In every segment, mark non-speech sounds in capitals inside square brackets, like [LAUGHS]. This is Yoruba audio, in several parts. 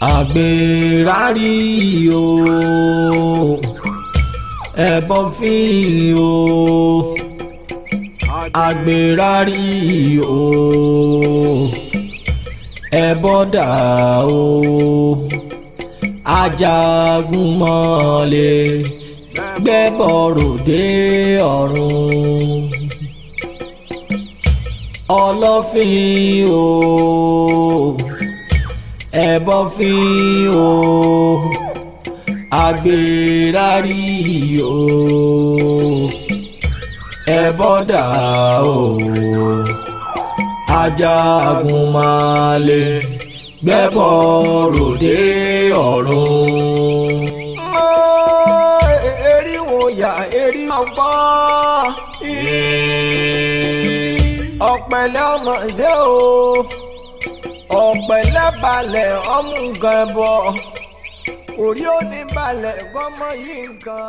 àgbèrárì o ẹ̀bọ̀n fi o àgbèrárì o ẹ̀bọ̀dà o ajagunmọ̀lẹ̀ gbẹ́bọ̀ròdé ọ̀run ọlọ́fin o ẹbọ fi o agbèrárì o ẹbọ dà o ajagun máa lè gbẹ́bọ ròde ọ̀run. erí wo yà erí máa gbọ́ ọmọ ṣé o ọ̀pẹ̀lẹ́balẹ̀ ọmú nǹkan ẹ̀bọ orí oníbalẹ̀ gbọ́mọ yìí nǹkan.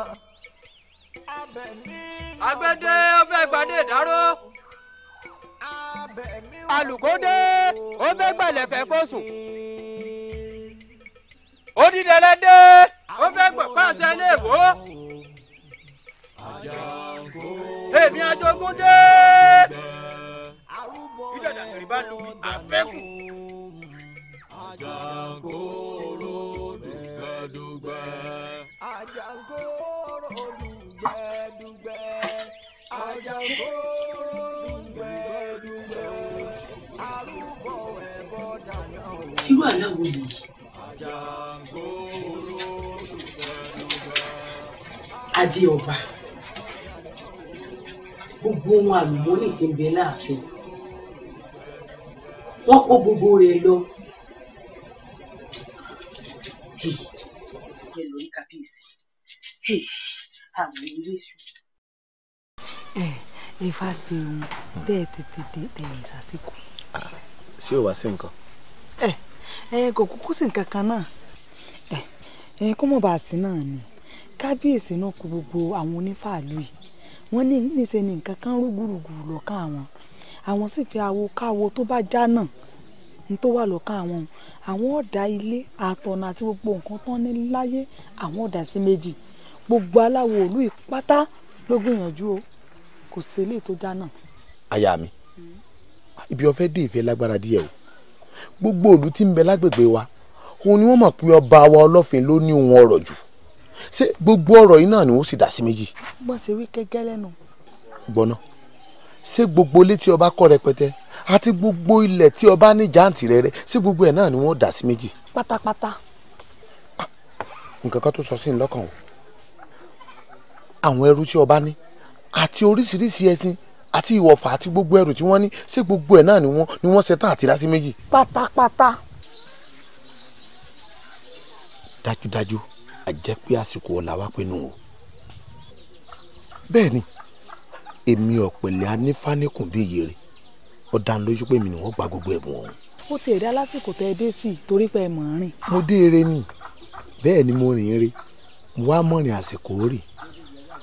agbẹ́dẹ ọfẹ́ gbadé ìdáró alùkódé ọfẹ́ gbàlẹ̀fẹ̀ kó sùn onídẹ̀lẹ́dẹ́ ọfẹ́ gbọ̀páṣẹ léèwó èmi ajogún dé àjàdà rẹ̀ bá lu àfẹ́kù. àjàngóró dùgbẹ́dùgbẹ́. àjàngóró dùgbẹ́dùgbẹ́. àjàngóró dùgbẹ́dùgbẹ́. arúgbó ẹ̀bọ dáná o. irú aláwo ni. àjàngóró dùgbẹ́dùgbẹ́. adé ọba gbogbo ohun àlùmọ́nì tí ń bẹ láàfin wọ́n kó gbogbo rẹ̀ lọ. ẹ lọ rí kábíyèsí àwọn eléṣu. ẹ ẹ fà ṣe ohun tẹ ẹ tètè dé ẹyìn sásìkò. ṣé o wá sí nǹkan. ẹ ẹ kò kúkú sí nǹkan kan náà ẹ ẹ kó mọ̀ bá a sí náà ni kábíyèsí náà kó gbogbo àwọn onífàálù yìí wọ́n ní níṣe ni nǹkan kan rúgùrùgùrù lọ́kàn àwọn àwọn sì fi awo káwo tó bá já náà ní tó wà lọ́kàn àwọn òun àwọn ọ̀dà ilé àtọ̀nà àti gbogbo nǹkan tán ní láyé àwọn ọ̀dà sí méjì gbogbo aláwo òlú ìpátá ló gbìyànjú o kò sí tó já náà. aya mi hmm. ibi ọfẹ dé ìfẹ́ lágbára díẹ̀ o gbogbo òlú tí ń bẹ lágbègbè wa òun ni wọ́n mọ̀ pé ọba wa ọlọ́fin ló ní òun ọ̀rọ̀ jù ṣé gbogbo ọ̀rọ̀ yìí náà ni ó sì dá sí méjì. bọ́sẹ̀ wí kẹ́gẹ́ lẹ́nu. gbọ́ná. No? ṣé gbogbo ilé tí ọba kọ́ rẹpẹtẹ àti gbogbo ilẹ̀ tí ọba ní jàǹtì rẹ̀ rẹ̀ ṣé gbogbo ẹ̀ náà ni wọ́n dà sí méjì. pátápátá. Ah, nǹkan kan tó sọ sí ní lọ́kàn o àwọn ẹrú tí ọba ní àti oríṣiríṣi ẹṣin àti ìwọ̀fà àti gbogbo ẹrù tí wọ́n ní ṣé gbogbo ẹ̀ náà ni wọ́n ni wọ́n ṣetán àti dá sí méjì. pátápátá. dájúdájú àjẹpé àsìkò ọ̀la o bẹ́ẹ̀ ni èmi ọ̀pẹ̀lẹ̀ anífáníkùn bíi yèrè ó dá lójú pé mi ni wọ́n gba gbogbo ẹ̀bùn ọ̀hún. ó ti ẹ̀dá lásìkò tẹ́ ẹ dé sí i torí pé ẹ mọ̀ ọ́n rìn. mo dé eré ni bẹ́ẹ̀ ni mo rìn eré mo wá mọ̀rìn àsìkò rì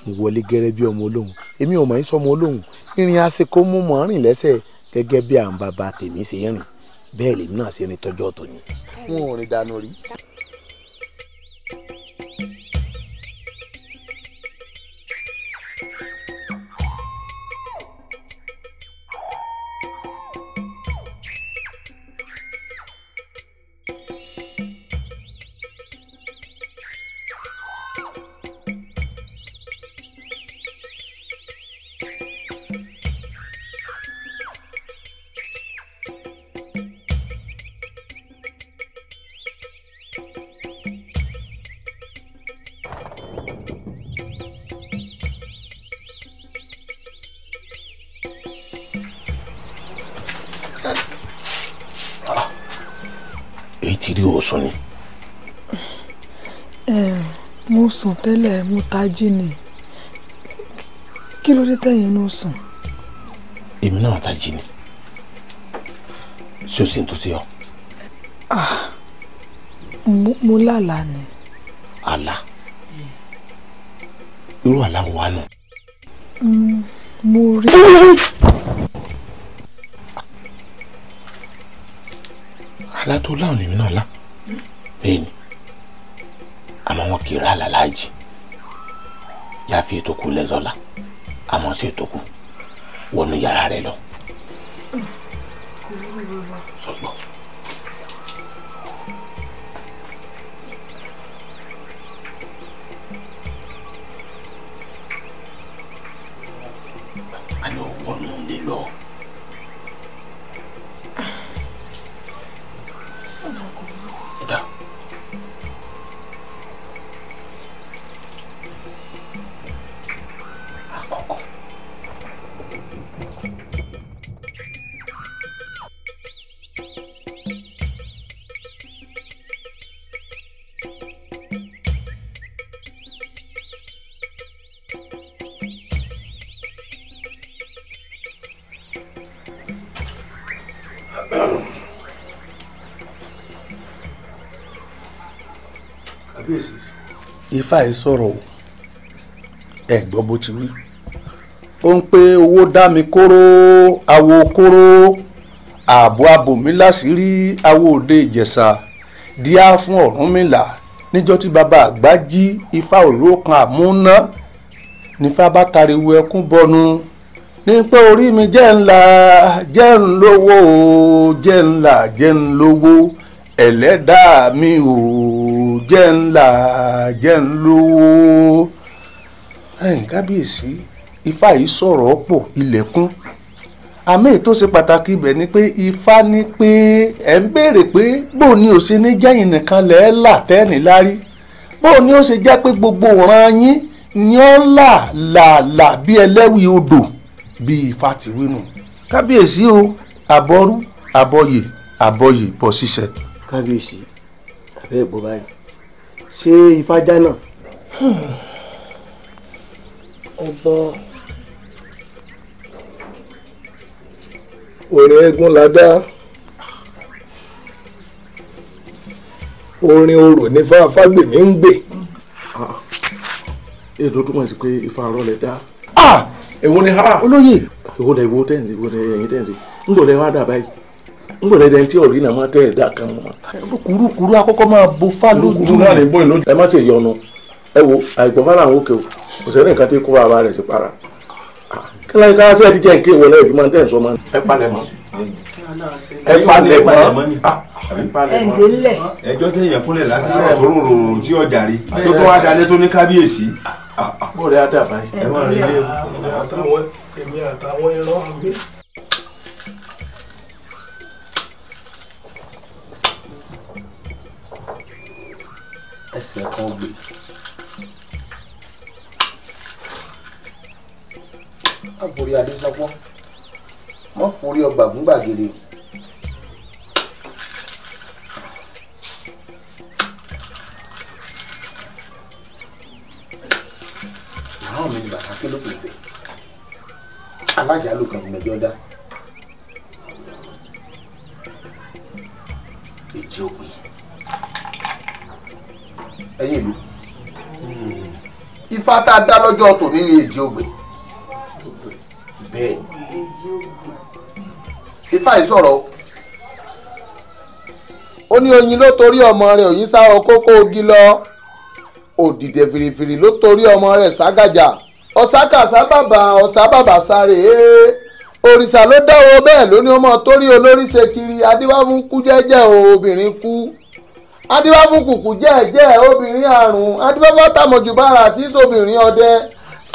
mo wọlé gẹ́rẹ́ bí ọmọ olóhùn èmi ò mọ̀ ní sọmọ olóhùn ìrìn àsìkò mo mọ̀ ọ́n rìn lẹ́sẹ̀ gẹ́gẹ́ bí àwọn bàbá tèmi ṣe ń rìn bẹ́ẹ̀ lèmi náà ṣe rìn tọ́jú ọ̀tọ̀ ni. wọn ò rí. tẹ́lẹ̀ mo tají ni kí ló dé tẹ̀yìn inú sùn. èmi náà tají ni ṣé o sì ń tó sí ọ. Ah, mo lálà ni. àlá irú àlá wo nù. Mm, mo rí i. [COUGHS] fi ètò kù lẹ́zọ́lá àmọ́ sí ètò kù wọnú yàrá rẹ lọ. àáfàá sọ̀rọ̀ o ẹ̀ gbọ́ bó ti wí ó ń pé owó dá mi kóró awo kóró ààbò abòmí láṣìírí awo òde ìjẹ̀ṣà díá fún Ọ̀rúnmìlà níjọ́ tí bàbá àgbà jí ifá òró kan àmúná nífá bá tariwo ẹkún bọnu ní pé orí mi jẹ́ ńlá jẹ́ ńlówó jẹ́ ńlá jẹ́ ńlówó ẹlẹ́dàá mi ò jẹ́ ńlá jẹ́ ńlówó. ẹ̀yin kábíyèsí ifá yìí sọ̀rọ̀ ọ̀pọ̀ ilẹ̀kùn àmì èyí tó ṣe pàtàkì ibẹ̀ ni pé ifá ní pé ẹ̀ ń béèrè pé bóun ni ò ṣe ní jẹ́yìn nìkan lẹ́ẹ̀ là tẹ́ẹ̀nì lárí bóun ni ó ṣe jẹ́ pé gbogbo ọ̀ràn yín ni ó là là là bí ẹlẹ́wìí odò bí ifá ti wí nù kábíyèsí o àbọrú àbọyè àbọyè bọ̀ ṣiṣẹ́. kábíyèsí abẹ́ ìbò báyìí ṣe ìfajá náà. ọba orin eégún la dá orin orò ní fáfágbèmí ń gbè. Ah. èdè tó túmọ̀ sí pé ifá arọ́ lẹ dá. Ah! èwo ni ha. olóyè. èwo ni èwo tẹ̀sí èwo ni ẹ̀yin tẹ̀sí ń lò lẹ́wọ́ àdàbà yìí n gbọ́dọ̀ ẹni tí ọ̀rí náà máa tẹ́ ẹ̀dá kan mọ́. kúrúkúrú akọ́kọ́ máa bo fá lójú. lójú náà lè bóyá lójú. ẹ má ti yọnu ẹ wo àìgbọ́n fáwọn àwọn òkè o kò sẹ́ni nǹkan tí kó ara rẹ̀ ti para. kíláyé kára sí ẹ ti jẹ́ nké wọlé ìbí máa ń tẹ̀ sọ máa. ẹ palẹ̀ mọ́. ẹ palẹ̀ mọ́. Ah, ẹ délẹ̀. ẹjọ́ tẹ yẹn fúnlẹ̀ látàrọ̀ ah. tó rò rò tí ọjà rí ah. tó tó wá dalẹ̀ tó ní kábíyèsí. bóòlù É ẹsẹ̀ kan gbé. àbòrí adéṣọpọ wọn forí ọgbà gún gbàgede. àwọn mi ni bàtà kí ló A pé é louca, me mẹjọ da. ìjì òpin ẹ̀yin ìlú ifá tá a dá lọ́jọ́ tòní ni èjì ògbè bẹ́ẹ̀ ifá yìí sọ̀rọ̀ ó ní oyin ló torí ọmọ rẹ̀ oyin sá ọ kókó ogi lọ òdìdẹ fìrìfìrì ló torí ọmọ rẹ̀ ságàjà ọ̀sákàsá bàbà ọ̀sá bàbà sáré ee òrìṣà ló dáwọ́ bẹ́ẹ̀ lóní ọmọ torí olórí ṣe kiri adéwàmú kú jẹ́jẹ́ o obìnrin kú kuku jẹ jẹ obìnrin àrùn adébábá tàmọ̀jù bára tí sobìnrin ọdẹ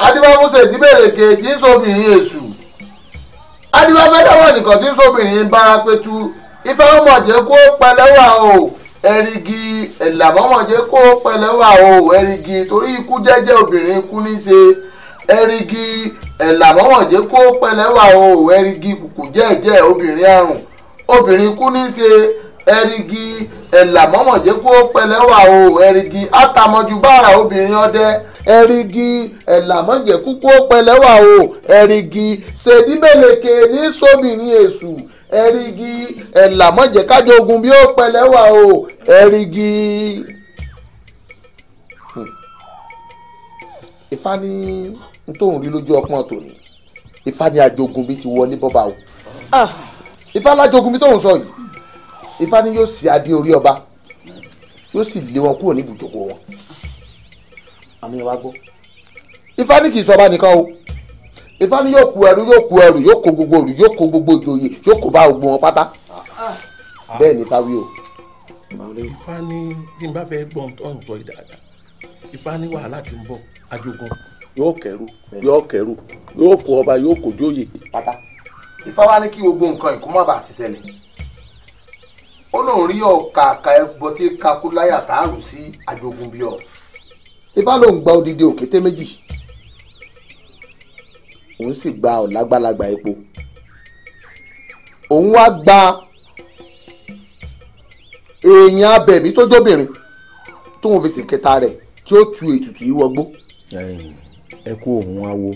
adébábùsẹ̀ jíbèrèkè tí sobìnrin èṣù adébábá dáwọ̀ nìkan tí sobìnrin kó pẹlẹwà o ẹ̀rìgì ẹ̀làmọ́mọ̀jẹ́ kó pẹlẹwà o ẹ̀rìgì torí ikú obìnrin kú ní ṣe kó o obìnrin àrùn obìnrin kú ní ṣe ẹrigi ẹ̀là mọ́mọ̀jẹ́ kó pẹlẹ́wà o ẹrigi àtàmọ́jú bára obìnrin ọdẹ ẹrigi ẹ̀là mọ́jẹ́ kú kó pẹlẹ́wà o ẹrigi ṣèdíbẹ̀lẹ̀kẹ̀ ní sóbìnrin èṣù ẹrigi ẹ̀là mọ́jẹ́ kájọ ogun bí ó pẹlẹ́wà o ẹrigi. Ifá ní tóun rí lójú ọpọ́n tòní Ifá ní ajogun bí ti wọlé bọ́ba o ah. Ifá lájogun bí tóun sọ yìí ifá ni yóò sì adé orí ọba yóò sì lé wọn kúrò ní ibùjókòó wọn àmì wa gbọ́ ifá ni kì í sọba nìkan o ifá ni yóò ku ẹrú yóò ku ẹrú yóò kó gbogbo òrù yóò kó gbogbo ìjòyè yóò kó bá gbogbo wọn pátá bẹ́ẹ̀ ni táwí o. ifá ni bí n bá fẹ́ gbọ́n tó ń tọ́ ìdáadáa ifá ni wàhálà ti ń bọ̀ ajogun yóò kẹrù yóò kẹrù yóò kó ọba yóò kó jóyè. pátá ifá wa ní kí gbogbo nǹkan ìkó má bàa ti ṣẹlẹ̀ ó lóun rí ọ̀kàkà ẹbọ tí kakú láyà tààrù sí àjogúnbíọ̀ ifá ló ń gba odidi òkété méjì òun sì gba ọ̀lágbálagbà epo òun wá gba èèyàn abẹ̀mí tó jóbìnrin tóun fi sì kẹta rẹ̀ tí ó tu ètùtù yìí wọgbó. ẹ kú òun wá wo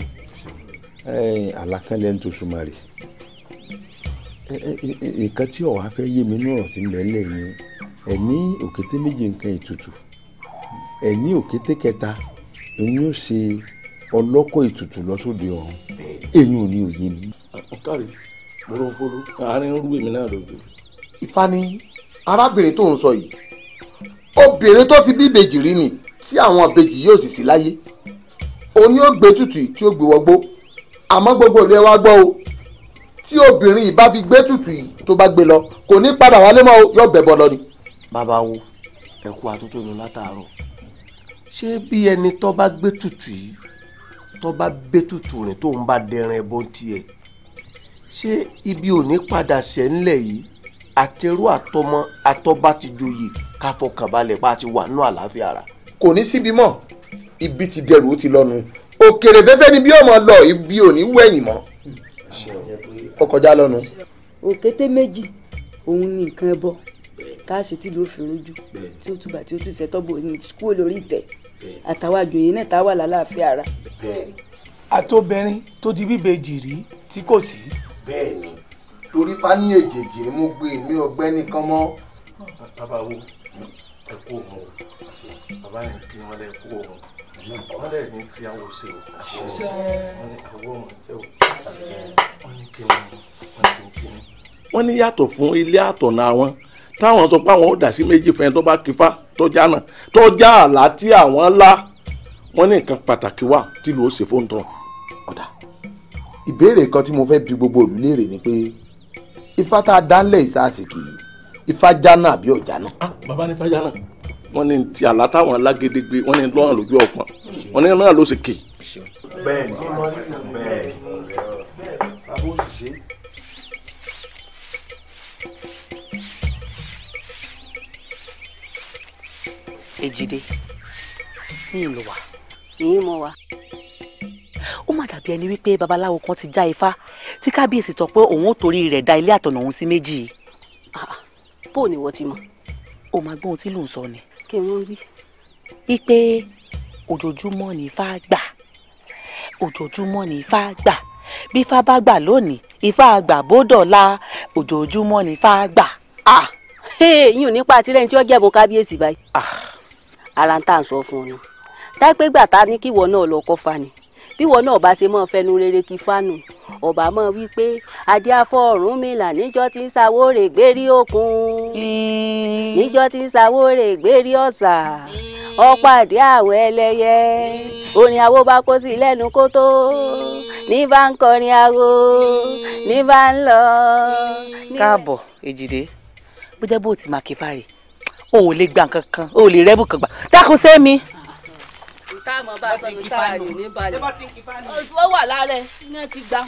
àlàkánlẹ̀ ń tó sùnmọ́ rè nǹkan tí ọ̀wá fẹ́ yé mi náà ti mẹ́lẹ̀ yín ẹ̀ ní òkété méjì nǹkan ètùtù ẹ̀ ní òkété kẹta èyí ò ṣe ọlọ́kọ̀ ètùtù lọ́sọ̀dẹ̀ ọ̀hún èyí ò ní òye mi. ọ̀kàrí mọ̀rọ̀ fọlọ́ àárín rú èmi náà lòdì. Ifá ni arábìnrin tó ń sọ yìí obìnrin tó ti bí ìbejì rí ni tí àwọn ìbejì yóò sì sí láyé òun ni ó gbé tutù tí ó gbé wọgbó àmọ́ gbogbo ìlú ẹ wá gbọ́ o tí obìnrin yìí bá fi gbé tutù yìí tó bá gbé lọ kò ní padà wálé mọ́ yóò bẹ̀bọ̀ lọ ni. bàbá wo ẹ kú àtúntò lọ látàárọ̀ ṣé bí ẹni tó bá gbé tutù yìí tó bá gbé tutù rìn tó ń bá dẹrin ẹbọ tiẹ̀ ṣé ibi ò ní padà ṣẹ́ ńlẹ̀ yìí àtẹrù àtọmọ àtọba ti joyè káfọkànbalẹ̀ pa ti wà nù àlàáfíà ara. kò ní síbi mọ́ ibi ti dẹrù ó ti lọ́nu òkèrè fẹ́fẹ́ ni bí ọmọ lọ ibi ò ní wẹ̀yìn ó kọjá lọ́nu. òkété méjì òun ni nǹkan ẹbọ káàṣì tí ló fi rojú tí ó túbà tí ó tún ṣẹtọ́ ní kúrò lórí ìtẹ́ àtàwọn àjòyè náà tá a wà lálàáfíà ara. àtobìnrin tó di bíbejì rí tí kò sí. bẹ́ẹ̀ni torí fani èjèèjì ni mo gbé mi ọgbẹ nìkan mọ. bàbá wo ẹ kú òun o bàbá yẹn kí wọn kú òun wọ́n dẹ̀ ní fi awo ṣe o wọ́n ní awo wọn jẹ́ o wọ́n ní kí wọ́n wọ́n ní kí wọ́n. wọ́n ní yàtọ̀ fún ilé àtọ̀nà àwọn táwọn tó pa àwọn ó dà sí méjì fún ẹni tó bá kífá tó já náà tó já àlá tí àwọn lá wọ́n ní nǹkan pàtàkì wà tìlú ó ṣe fóun tán. ọ̀dà ìbéèrè kan tí mo fẹ́ bi gbogbo òbí léèrè ni pé ifá tá a dá ńlẹ̀ ìsáàsì kì ifá já náà àbí ọ̀já náà. Ah, bàbá ní ifá já náà wọ́n ní ti àlá táwọn alágídígbé wọ́n ní lọ́rùn lójú ọ̀pọ̀n wọ́n ní náà ló sì kì. bẹ́ẹ̀ ni bẹ́ẹ̀ abó sì ṣe. èjìdé ní ìlú wa. èyí mọ wa. ó mà dàbí ẹni wípé babaláwo kan ti já ifá tí kábíyèsí tọ pé òun ò torí rẹ̀ da ilé àtọ̀nà òun sí méjì. Ah, ah. bó o ní wọ́n ti mọ̀. o máa gbọ́ ohun tí lòun sọ ni kí wọ́n wí. wípé ojoojúmọ́ ni ifá gbà ojoojúmọ́ ni ifá gbà bí ifá bá gbà lónìí ifá gbà bódọ̀la ojoojúmọ́ ni ifá gbà. ah yìí ò ní pa tirẹ̀ tí ó jẹ̀bùn kábíyèsí báyìí. ara ń tà ń sọ fún ọ nù táìpé gbà ta ní kíwọ náà lọ kọ́ fa bí wọn náà bá ṣe mọ fẹnu rere kí fánù ọba mọ wípé adé afọ ọrùn mi là níjọ́ tí ń sawóore gbérí òkun níjọ́ tí ń sawóore gbérí ọ̀sà ọpàdé àwọ̀ ẹlẹ́yẹ orin awo bá kó sí lẹ́nu kó tó ní bá ń kọrin awo ní bá ń lọ. káàbọ̀ èjìdé bó jẹ́ bó ti máa kí fáre o ò lè gba nǹkan kan o ò lè rẹ́bù kan gbà dákun sẹ́mi tá a bá a sọnù tá a ní balẹ̀ ó wà lálẹ́ iná ti gbá.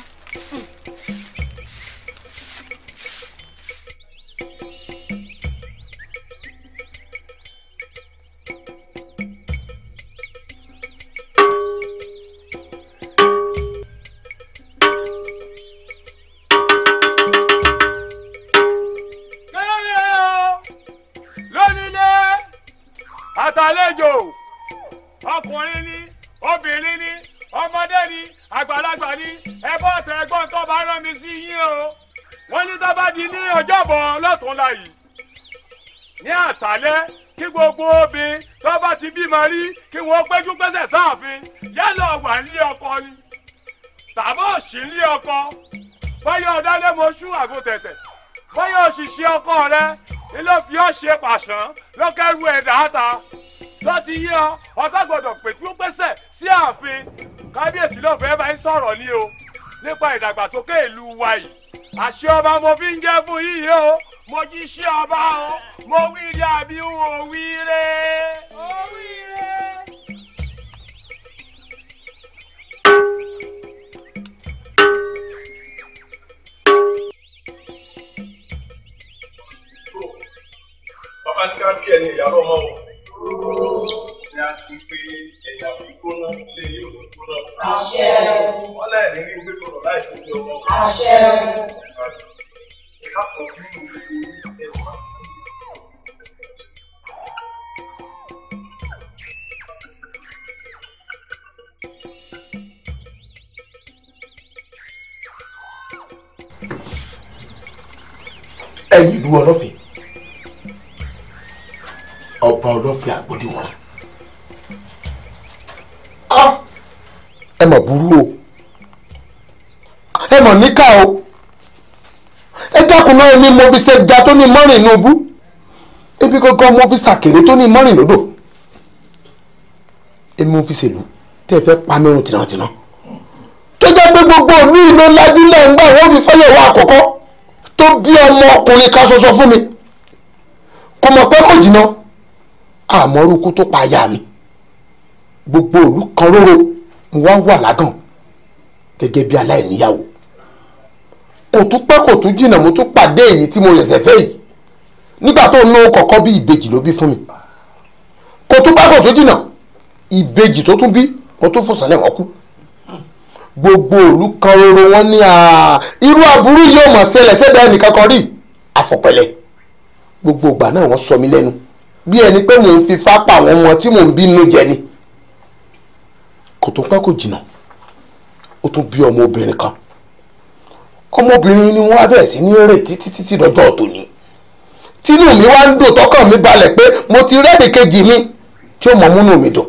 di ní ọjọ́bọ̀ lọ́túnla yìí ní àṣálẹ́ kí gbogbo obìnrin tó bá ti bímọ rí kí wọ́n péjú pésẹ̀ sáàfin yálà wà nílé ọkọ ni tàbí òsì nílé ọkọ bóyá ọ̀dálẹ́mọṣú àgùntẹ̀tẹ̀ bóyá òṣìṣẹ́ ọkọ rẹ ni fi ọ́ ṣe pàṣán lọ́kẹ́rù ẹ̀dá ta tó ti yí ọ ọ̀tá gbọ́dọ̀ péjú pésẹ̀ sí ààfin kábíyèsí ló bá ń sọ̀rọ̀ ní o nípa ìdàgbàsókè ìlú wa yìí àṣẹ ọba mo fi ń jẹ fún yìí o mo jí ṣé ọba o mo wí rí àbí n ò wí rẹ. ó ká bí ẹni ìyá lọ́mọ o ṣe á sí pé ẹ̀yà òyìnbóná ilé yóò ló gbóná. àṣẹ. wọn láì ní ní gbẹtọrọ ìlú ọlọ́fẹ́ ọba ọlọ́fẹ́ àgbọ̀dé ẹ mọ̀ burú o ẹ mọ̀ níkà o ẹ dákun náà ní mo fi ṣe ga tó ní mọ́rin inú bú ebi gangan mo fi ṣàkèrè tó ní mọ́rin lódò èmi mo fi ṣèlú tẹ́ ẹ fẹ́ pa mẹ́rùn tìrantìran tó jẹ́ pé gbogbo mi ló lajú lẹ́ǹgbà wọ́n fi fẹ́yẹ̀wò àkọ́kọ́ tó bí ọmọ ọkùnrin kan ṣoṣo fún mi kò mọ̀ pé kò jìnnà àmọ́rúkú tó pa aya mi gbogbo òlú kan róró mo wá wà lágàn gẹ́gẹ́ bí aláìníyàwó kò tún pẹ́ kò tún jìnnà mo tún pàdé èyí tí mo yẹ̀sẹ̀ fẹ́ yìí nígbà tó ń lówó kọ̀ọ̀kan bí ìbejì ló bí fún mi kò tún pẹ́ kò tún jìnnà ìbejì tó tún bí mo tún fòsàn lẹ́wọ̀n kú gbogbo òlu kan roro wọn ní irú aburú yóò mọ̀ ṣẹlẹ̀ sẹ́dọ̀ ẹnìkan kan rí àfọ̀pẹ̀lẹ̀ gbogbo ìgbà náà wọ́n sọ mí lẹ́nu bí ẹni pé mò ń fi fá pa àwọn ọmọ tí mò ń bínú jẹ ni kò tó pẹ́ kò jìnnà ó tún bí ọmọbìnrin kan ọmọbìnrin ni wọ́n á bẹ̀rẹ̀ sí ní rè títí títí lọ́jọ́ tòní tínú mi wá ń dùn tọkàn mi balẹ̀ pé mo ti rẹ́ẹ̀dì kejì mi tí ó mọ̀ múnú mi dùn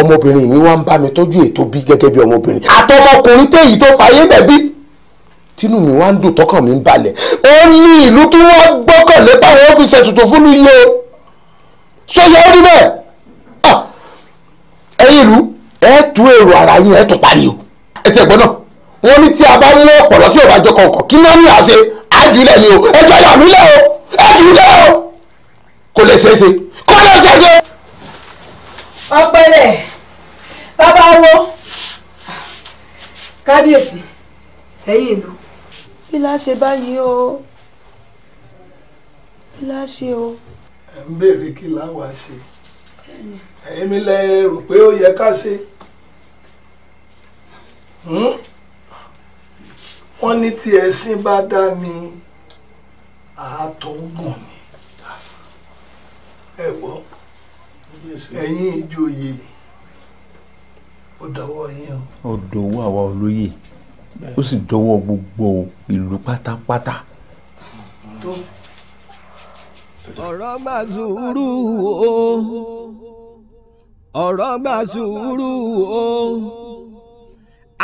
ọmọbìnrin mi wá ń bá mi tọ́jú ètò bí gẹ́gẹ́ bí ọmọbìnrin àtọmọkùnrin téyì tó fàyè bẹ̀bí tínú mi wá ń dùn tọkàn mi ń balẹ̀ ó ní ìlú tí wọ́n gbọ́kànlé báwọn ó fi ṣètùtù fún mi yé o sọ yẹ ó rí bẹ́ẹ̀ ẹ̀yin ìlú ẹ tú èrò ara yín ẹ tún parí o ẹ ti ẹ̀gbọ́n náà wọ́n ní tí a bá mú ọ̀pọ̀lọ́ tí ò bá jọ kọ̀ọ̀kan kí náà ní àṣẹ àjùlẹ̀ ni o ẹjọ́ yà mí lẹ́ o ẹjùlẹ̀ o kò lè ṣeé ṣe kò lè É ṣe. ọpẹlẹ bàbá wo kábíyèsí ẹ̀yin ìlú. bí láṣẹ báyìí o bí láṣẹ o. ẹ ń béèrè kí láwa ṣe èmi lẹ rò pé ó yẹ ká ṣe hmm? wọ́n ní tí ẹṣin bá dá ní àtọ̀gùn ni ẹ gbọ́ ẹ̀yin ìjòyè ó dọwọ́ yín o. ó dọwọ́ àwa olóyè ó sì dọwọ́ gbogbo ìlú pátápátá. ọ̀rọ̀ máa zùúrù o ọ̀rọ̀ gba sùúrù o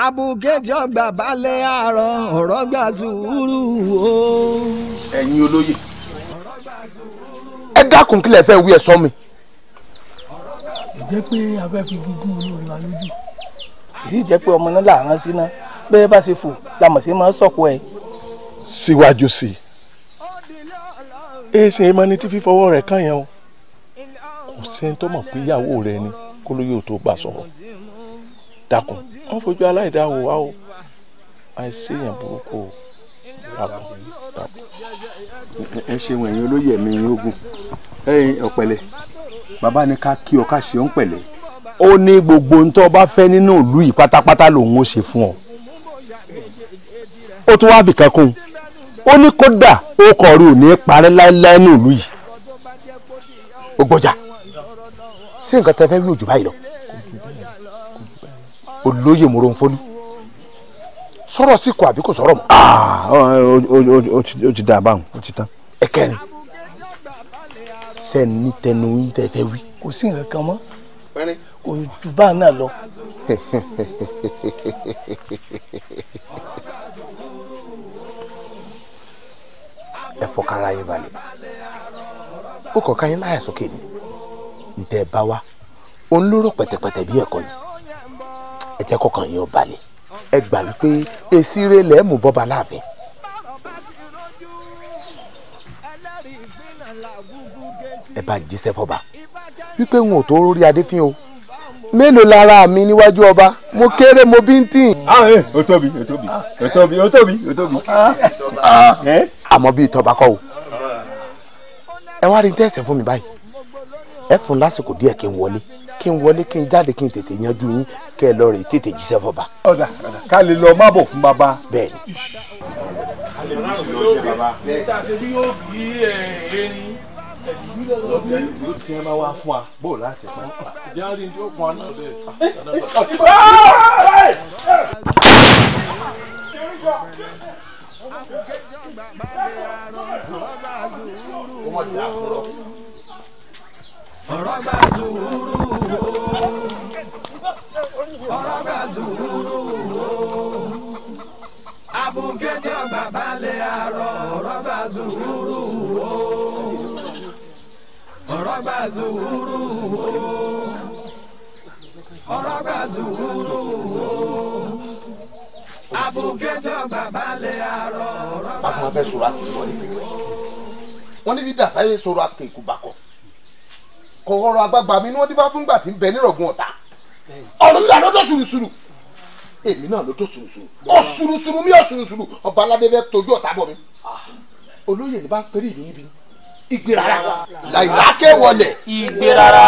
abùkéjọ gbà balẹ̀ àárọ̀ ọ̀rọ̀ gba sùúrù o. ẹ̀yin olóyè ẹ dákun kílẹ̀ fẹ́ wí ẹ̀ sọ mi. jẹ́ pé abẹ́ fi gígùn olórin wa lójú. èyí jẹ́ pé ọmọ náà là ń rán bá ṣe fò làmọ̀ sí máa sọ̀kọ ẹ̀. síwájú sí i èsì ìmọ̀ ni tí fífọwọ́ rẹ̀ kàn yẹn o kò sí pé ìyàwó rẹ̀ ni kólóyò tó bá sọ̀rọ̀ dákun wọ́n fojú aláìdáwò wá o àìsèyàn burúkú o dákun dákun. ẹ ṣeun ẹ̀yin olóyè ẹ̀mí ogun ẹ̀yin ọ̀pẹ̀lẹ̀ bàbá ni ká kí ọ ká ṣe ń pẹ̀lẹ́ ó ní gbogbo ń tọ́ bá fẹ́ nínú ìlú yìí pátápátá lòun ó ṣe fún ọ ó tún wá bìkan kún un ó ní kódà ó kọ̀ rí òní parẹ́ láéláé ní ìlú yìí ó gbọ́jà sí nǹkan tẹ́ fẹ́ wí òjò báyìí lọ olóyè mòró ń fọnú sọ̀rọ̀ sí kọ àbí kò sọ̀rọ̀ mọ́. Ah, o ti dà báwọn o ti tán. ẹ kẹrin sẹ́ni tẹnu yín tẹ́ fẹ́ wí. kò sí nǹkan kan mọ́ kò jù bá náà lọ. ẹ fọkàrà yín balẹ̀ ó kọ̀ ká yín láyà sókè ni ntẹ bá wa òun ló rò bí ẹ̀kọ́ yìí ẹ jẹ́ kọ́kàn ó balẹ̀ ẹ gbà wípé èsì rẹ lẹ́ẹ̀mú bọ́ba láàfin. ẹ bá jíṣẹ́ fọba wípé wọn ò tó rórí adéfín o mélòó lára mi níwájú ọba mo kéré mo bíntín. ó ah, eh, tóbi ó tóbi ó tóbi ó tóbi ó tóbi. Ah, eh? àmọ́ bíi tọba kọ́ o ẹ wá rí tẹ́sẹ̀ fún mi báyìí ẹ fún lásìkò díẹ̀ kí n wọlé kí n wọlé kí n jáde kí n tètè yanjú yín kẹ́ lọ rè tètè jíṣẹ́ fọba. ọ̀dà ká lè lọ má fún bàbá. bẹ́ẹ̀ni. tí ẹ bá ọ̀rọ̀ gba sùúrù o ọ̀rọ̀ gba sùúrù o abùkẹ́tì ọgbà balẹ̀ àrọ̀ ọ̀rọ̀ gba sùúrù o ọ̀rọ̀ gba sùúrù o ọ̀rọ̀ gba sùúrù o abùkẹ́tì ọgbà balẹ̀ àrọ̀ ọ̀rọ̀ gba sùúrù o. wọ́n ní bí dàbáyé sọ̀rọ̀ àpèkúbakọ̀ kọ̀ọ̀rọ̀ àgbààgbà mi ni wọ́n dífá fúngbà tí ń bẹ nírọ̀gùn ọ̀tá ọ̀rọ̀ mi àná tó sùrùsùrù èmi náà ló tó sùrùsùrù ọ̀sùrùsùrù mi ọ̀sùrùsùrù ọba aládé fẹ́ tọ́jú ọ̀tá bọ̀ mi ah. olóyè ní bá ń péré ìlú níbi ìgbérara làyìnláké wọlé ìgbérara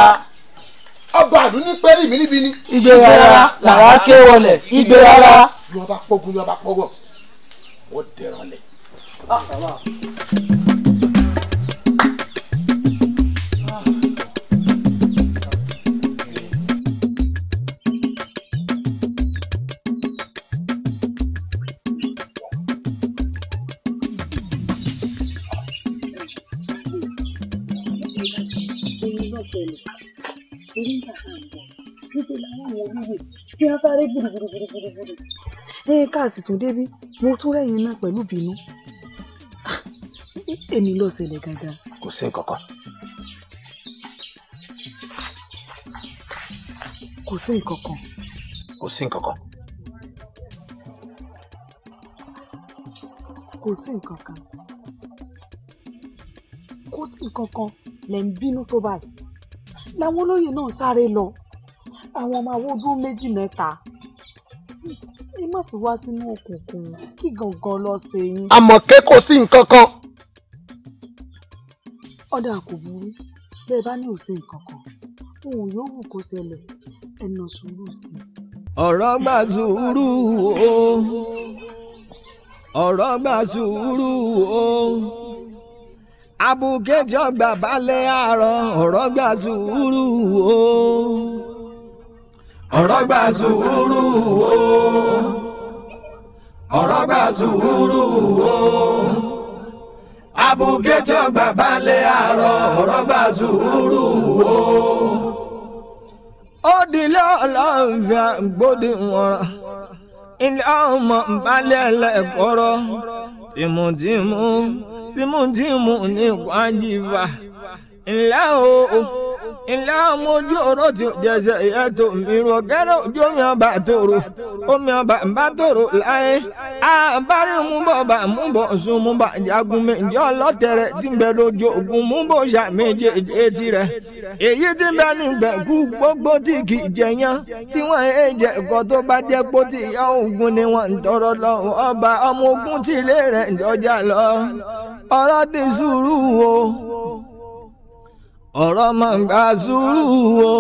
ọba àdún ní péré ìmí níbi ni ìgbérara làyìnláké wọlé ìgbérara yọba pọgun yọba pọgọ wọ́n dẹ̀rọ̀ lẹ̀. Ah, ṣẹlẹ̀ torí ń bàbá àgbà níbi làwọn àwọn olóyè tí wọ́n sáré gbùdùgbùdùgbùdùgbùdù. ní káàsì tún débí mo tún rẹ́yìn náà pẹ̀lú bínú ah, èmi ló ṣẹlẹ̀ gangan. kò sí nǹkan kan. kò sí nǹkan kò sí nǹkan kò sí nǹkan kò sí nǹkan kan bínú tó báyìí làwọn olóyè náà sáré lọ àwọn ọmọ awódún méjì mẹ́ta ẹ má fi wá sínú òkùnkùn kí gangan lọ ṣe yín. àmọ̀kẹ́ kò sí nǹkan kan. ọ̀dà kò burú bẹ́ẹ̀ bá ní òsè nǹkan kan òun yóò wù kó ṣẹlẹ̀ ẹ̀nà sùúrù sí i. ọ̀rọ̀ gbà sùúrù o ọ̀rọ̀ gbà sùúrù o abukéjì ọgbà balẹ̀ àárọ̀ ọ̀rọ̀ gbà sùúrù o ọ̀rọ̀ gbà sùúrù o ọ̀rọ̀ gbà sùúrù o abukéjì ọgbà balẹ̀ àárọ̀ ọ̀rọ̀ gbà sùúrù o. ó dilé ọlọ́run fi àgbòdì wọn ilé ọmọ balẹ̀ lẹ́kọ̀ọ́rọ́ tìmùtìmù limu ti mu ni kwajiba ńlá o. ńlẹ́ ọmụ ojú oró ti jẹsẹ̀ ìyẹn tó mìíràn ojú omi ọba tòrò omi ọba ń bá tòrò láyé àbárí múbọ̀ bá sùn jagunmi ǹjẹ́ ọlọ́tẹ̀rẹ̀ ti bẹ lójú ogun múbọ̀ sàméjì etí ti kú gbogbo tí kì í tí wọ́n ẹ̀kọ́ tó ogun ni tọrọ lọ ọba ọmọ ogun ilé rẹ̀ ń lọ ọ̀rọ̀ mọ̀ ń gba sùúrù o.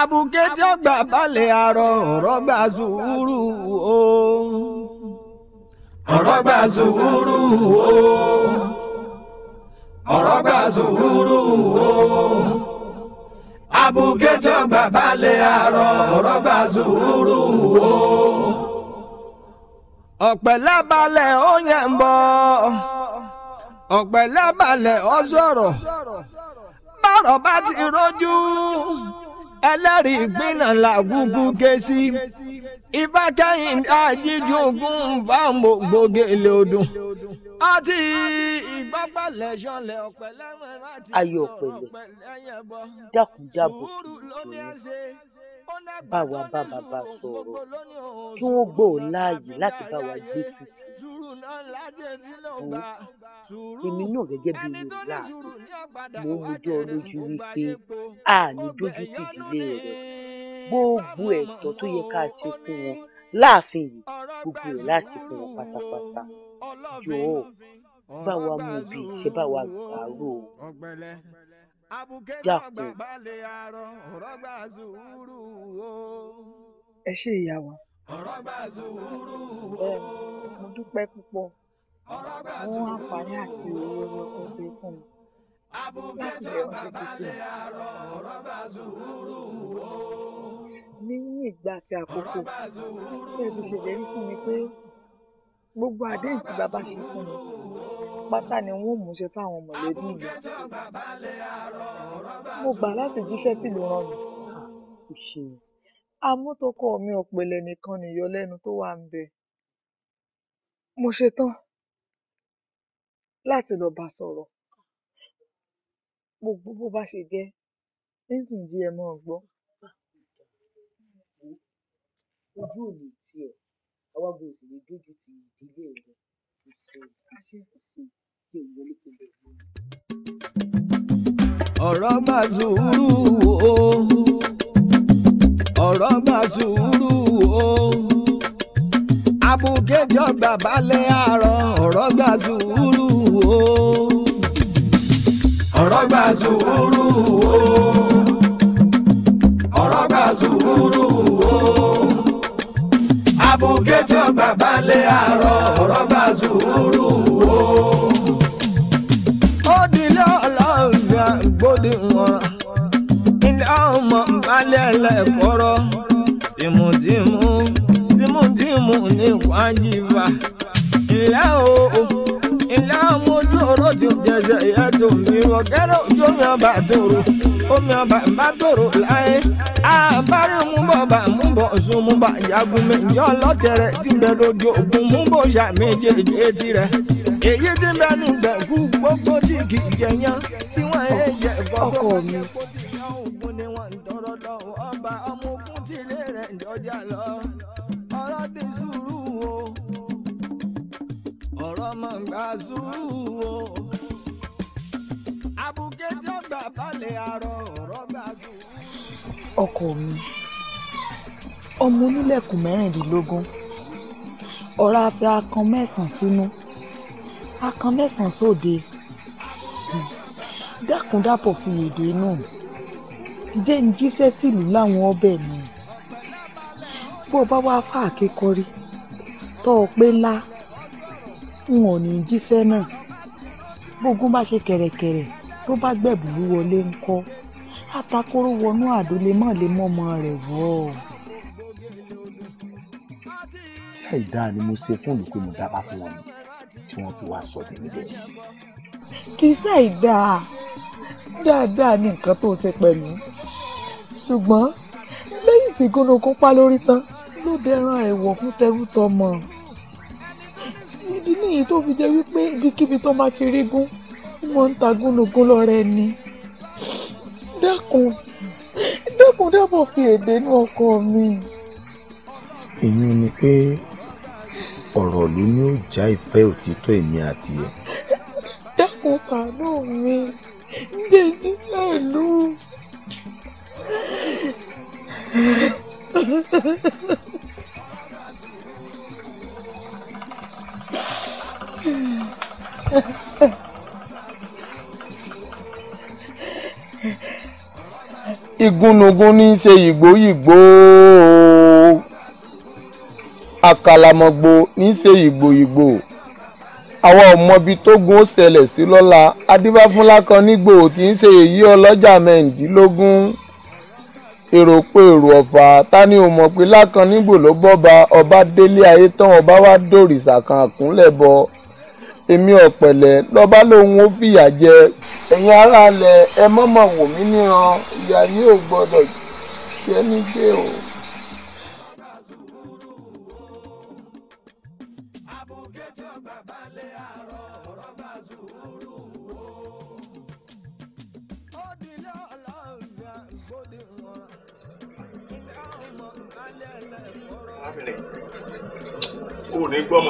abuké tí ó gbà balẹ̀ arọ ọ̀rọ̀ gba sùúrù o. ọ̀rọ̀ gba sùúrù o. ọ̀rọ̀ gba sùúrù o. abuké tí ó gbà balẹ̀ arọ ọ̀rọ̀ gba sùúrù o. ọ̀pẹ̀ lábalẹ̀ ó yẹn ń bọ̀ ọ̀pẹ̀ lábàlẹ̀ ọ sọ̀rọ̀ bọ́rọ̀ bá ti rọ́jú ẹlẹ́rìí ìpínlẹ̀ làgùnkù ké sí ifá kẹ́yìn àjíjú ogun fáwọn gbògèlè odùn àti ìgbàgbàlẹ̀ ṣanlẹ̀ ọ̀pẹ̀ lẹ́wọ̀n láti ayọ̀ pẹ̀lẹ́ dákúndábò báwa bá bàbá sọ̀rọ̀ kí wọ́n gbọ́ ọ láàyè láti bá wa gbé tuntun sùúrù náà lájẹ nínú ọgbà sùúrù èmi náà gẹ́gẹ́ bí yorùbá mo ń jọ lójú wípé a ní dójú tì ìdílé rẹ gbogbo ẹ̀tọ́ tó yẹ ká ṣe fún wọn láàfin yìí gbogbo ẹ̀ láṣẹ fún wọn pátápátá jọ̀ọ́ bá wa mú bí ṣe bá wa gbàrú o dákun. ẹ ṣe ìyá wa ọ̀rọ̀ gbà sùúrù o. mo dúpẹ́ púpọ̀ fún àǹfààní àti ìrírí ọgbẹ́ fún mi. láti lè ọ̀ṣẹ́ kìtì ní ìgbà àti àkókò ẹ ti ṣèlérí fún mi pé gbogbo àdéhùn tí bàbá ṣe fún mi pátá ni wọn ò múṣẹ fáwọn mọ̀lẹ́bí mi mo gbà láti jíṣẹ́ tí ló rán mi kò ah, ṣe é. Amútọkọ mi ọ̀pẹ̀lẹ̀ nìkan nìyọlẹ́nu tó wà ńbẹ̀. Mo ṣetán láti lọ bá sọ̀rọ̀. Gbogbo bó bá ṣe jẹ́, n tún jẹ́ ẹ máa gbọ́. Ojú ò ní tì ẹ́, àwa gan sì ní dójú ti ìdílé rẹ. Kò sí àṣẹ kí n wọlé kí n Ọ̀rọ̀ máa zùúrù o ọ̀rọ̀ gba sùúrù o abùkéjọba balẹ̀ àárọ̀ ọ̀rọ̀ gba sùúrù o ọ̀rọ̀ gba sùúrù o ọ̀rọ̀ gba sùúrù o abùkéjọba balẹ̀ àárọ̀ ọ̀rọ̀ gba sùúrù o. tẹ́lẹ̀ kọ́rọ́ tìmùtìmù tìmùtìmù ní wájìbà. ìyá o ìyá mojú oró ti jẹsẹ̀ ìyá tó mi rọ kẹ́rọ ojú omi ọba tòrò omi ọba bá tòrò láyé. àbárí mú bọ̀ bá mú bọ̀ sùn mú bá jagun mi ìyá ọlọ́tẹ̀rẹ̀ ti bẹ̀ lójú ogun mú bọ̀ ṣàmìjẹ́jẹ́ tirẹ̀ èyí tí bẹ́ẹ̀ ni bẹ̀ kú gbogbo tí kì tí wọ́n yé jẹ ìfọ́tò. ọkọ mi Wazoo o abuké tí ó gbà balẹ̀ arọ ọ̀rọ̀ gbà zoo. ọkọ mi ọmọ onílẹ̀kùn mẹ́rìndínlógún ọ̀rọ̀ afẹ́ akan mẹ́sàn-án sínú akan mẹ́sàn-án sóde hmm, dákúndápọ̀ fi èdè náà jẹ́ ń jíṣẹ́ tìlú láwọn ọbẹ̀ mi bó o bá wá fà kékọ́rí tọ́ ọ pé ńlá n ò ní jíṣẹ́ náà bógún bá ṣe kẹ̀rẹ̀kẹ̀rẹ̀ tó bá gbẹ̀bùrú wọlé ńkọ́ àtakóró wọnú àdó lemọ́lemọ́ ọmọ rẹ̀ wọ̀ ṣé àìdáa ni mo ṣe fún olùkọ́ mo dábàá fún wọn tí wọ́n fi wá sọ tèmi lẹ́yìn. kì í ṣàìdáa dáadáa ní nǹkan tó ṣe pẹ̀lú ṣùgbọ́n lẹ́yìn tí gónó kópa lórí tán ló dẹran ẹ̀wọ̀ fún tẹrú tọmọ ìdí nìyí tó fi jẹ́ wípé ibikíbi tó máa ti rí gún wọ́n ń ta gúnlógún lọ́rẹ́ ni dákun dákun dábọ̀ fi èdè inú ọkọ mi. èyí ni pé ọ̀rọ̀ ló ní ó já ìfẹ́ òtítọ́ èmi àti ẹ̀. dákun ṣàánú mi ǹjẹ́ jíjà ìlú. Ha ha ha ha ha. igúnnugún ní í ṣe yìgbóyìgbó àkàlàmọ̀gbò ní í ṣe yìgbòyìgbò àwọn ọmọbi tó gun ó ṣẹlẹ̀ sí lọ́la adébáfúnlá kan nígbò tí ń ṣe èyí ọlọ́jà mẹ́ǹdínlógún èrò pé èrò ọ̀fà ta ni ò mọ̀ pé lákan nígbò ló bọ́ba ọba délé ayé tán ọba wá dòrìṣà kan àkúnlẹ̀ bọ èmi ọ̀pẹ̀lẹ̀ lọ́ba lòun ó fìyà jẹ ẹ̀yin aráàlẹ̀ ẹ mọ̀mọ̀ wò mí níran ìyá yìí ò gbọ́dọ̀ jẹ́ mí gbé o. o ní gbọ́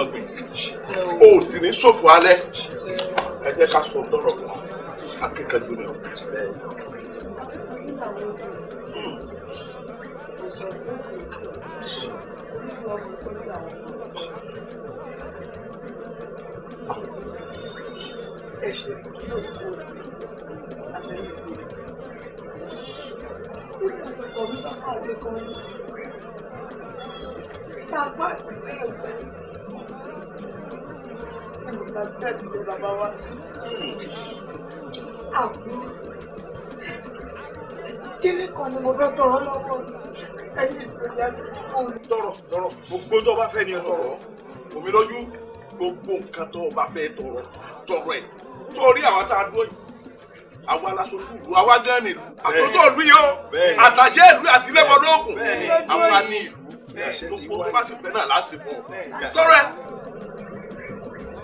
o ò sì ní ṣòfò alẹ́ ẹ jẹ́ ká sọ lọ́rọ̀ kan ni o. Thank you. la dáàbì lọ bàbá wa àbúrò kíní kan ni mo fẹ́ tọrọ lọ́wọ́ ẹ̀yìn ìgbéyà ti kú. tọrọ tọrọ gbogbo tó bá fẹ́ ni tọrọ omi lójú gbogbo nǹkan tó bá fẹ́ tọrọ tọrọ ẹ̀ torí àwọn tá a dúró yìí àwa alásojú ìlú àwa gan ni ìlú àtúnṣe ìlú yìí o àtàjẹ́ ìlú àti ilébọdọ ògùn àwa ni ìlú gbogbo tó bá sì fẹ́ náà láti fún tọrọ ẹ.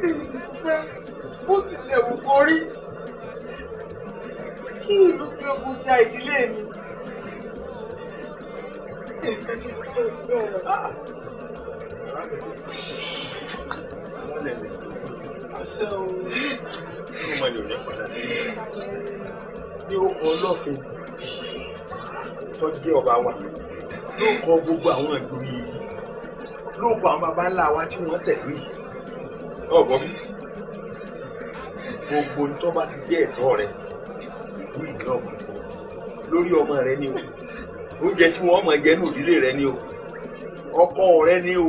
kábíyèsí ti fẹ́ bó tilẹ̀ wù kó rí kí ìlú fi ogun ja ìdílé mi. Èmi ti fẹ́ ti bẹ̀rẹ̀. Àṣẹ òun ló mọ ìlú rẹ̀ padà ní orúkọ ọlọ́fin tó jẹ́ ọba wa ló kọ gbogbo àwọn ìlú yìí ló àwọn baba wa tí wọ́n tẹ̀lé yìí ọ̀gbọ́n mi gbogbo ní tó bá ti jẹ́ ẹ̀tọ́ rẹ ìlú ìlú ọmọ lórí ọmọ rẹ ni o oúnjẹ tí wọ́n mọ̀ jẹ́ ní òdílé rẹ ni o ọkọ rẹ ni o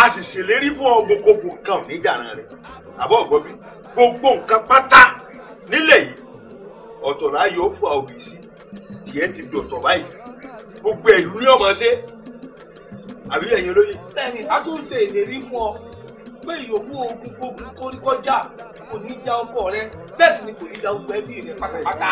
a sì ṣèlérí fún ọ gbogbo kan níjàrán rẹ àbọ̀ ọ̀gbọ́n mi gbogbo nǹkan pátá nílẹ̀ yìí ọ̀tọ̀ láàyò ó fà òbí sí tiẹ̀ ti dọ̀tọ̀ báyìí gbogbo ẹ̀lú ni ọmọ ṣe àbí ẹ̀yin olóyè. bẹ́ẹ̀ni a tún ṣe ìlérí fún ọ pé ìyòwú ogun ogun tó kò ní já ọkọ rẹ bẹ́ẹ̀ sì ni kò ní já ogun ẹbí rẹ pátápátá.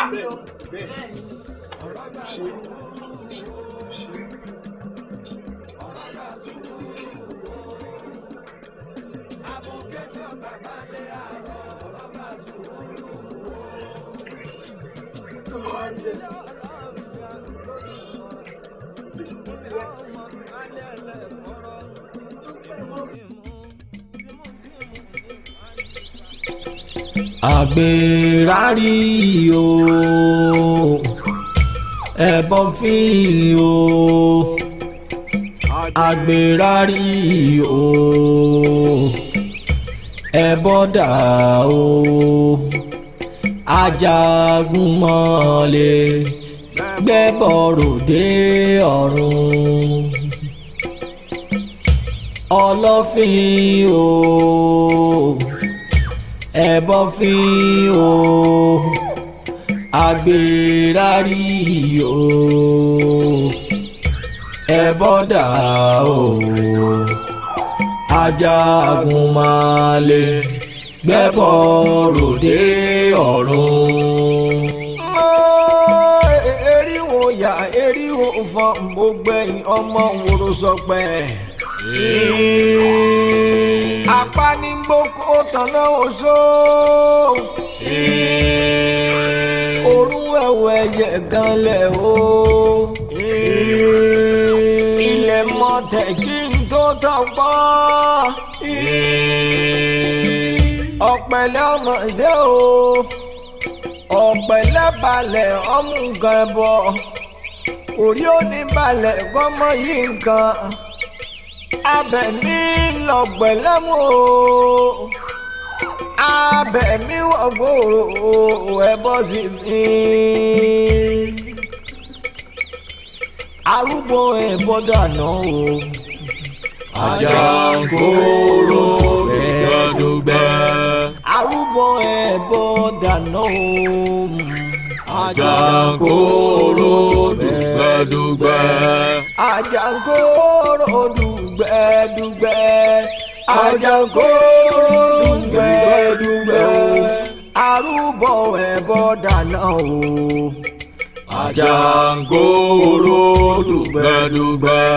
Thank you. àgbérárí o ẹ̀bọ̀n fi o àgbérárí o ẹ̀bọ̀dà o ajagunmọ̀lẹ̀ gbẹ́bọ̀ròdé ọ̀run ọlọ́fin o ẹbọ fín o agbèrárì o ẹbọ dà o ajagun máa lè gbẹ́bọ ròde ọ̀run. erí wo yà erí wo fọ mo gbẹ̀yìn ọmọ òwòrò sọpẹ́ apánigbókò tọ̀nà oṣó orun ẹ̀wẹ̀ ẹ̀yẹ gan lẹ̀ o ilẹ̀ mọ̀tẹ̀ kí n tó tọgbọ́n ọ̀pẹ̀lẹ̀ ọmọ ṣe o ọ̀pẹ̀lẹ̀ balẹ̀ ọmú nǹkan ẹ̀bọ orí ò balẹ̀ gbọ́mọ yìí nǹkan abẹ̀mí lọ̀gbẹ̀ lẹ́mú o abẹ̀mí wọ̀gbọ̀ ẹ bọ́ sí mi. arúgbó ẹ bọ́ dànù o. ajá ń kóró gbẹdọgbẹ. arúgbó ẹ bọ́ o. ajá ń kóró dùgbẹ́dùgbẹ́. ajá kóró dùgbẹ́ dùgbẹ́ dùgbẹ́ Àjànkó dùgbẹ́ dùgbẹ́ arúbọ ẹbọ dáná o. Àjànkó oró dùgbẹ́ dùgbẹ́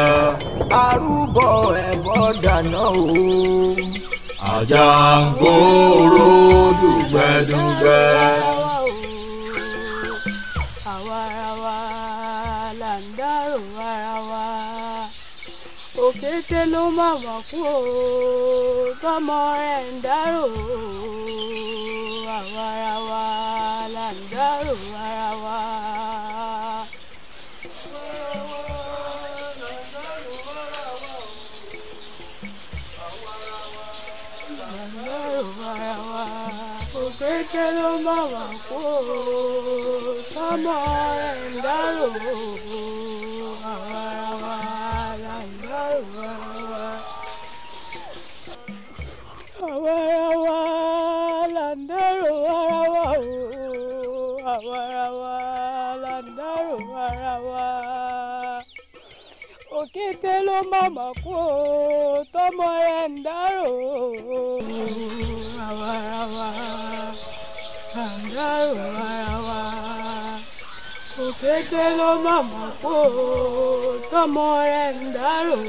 arúbọ ẹbọ dáná o. Àjànkó oró dùgbẹ́ dùgbẹ́. kété ló má mà kú o tọmọ rẹ̀ ń dárò àwọn ara wa là ń dárò ara wa. kékeré ló má wà kó tọmọ ẹ̀ ń dárò. mọ̀ kú o tọmọ rẹ̀ ń dárò àwarawa à ń dárò àwarawa òkété ló mọ̀ mọ̀ kú tọmọ rẹ̀ ń dárò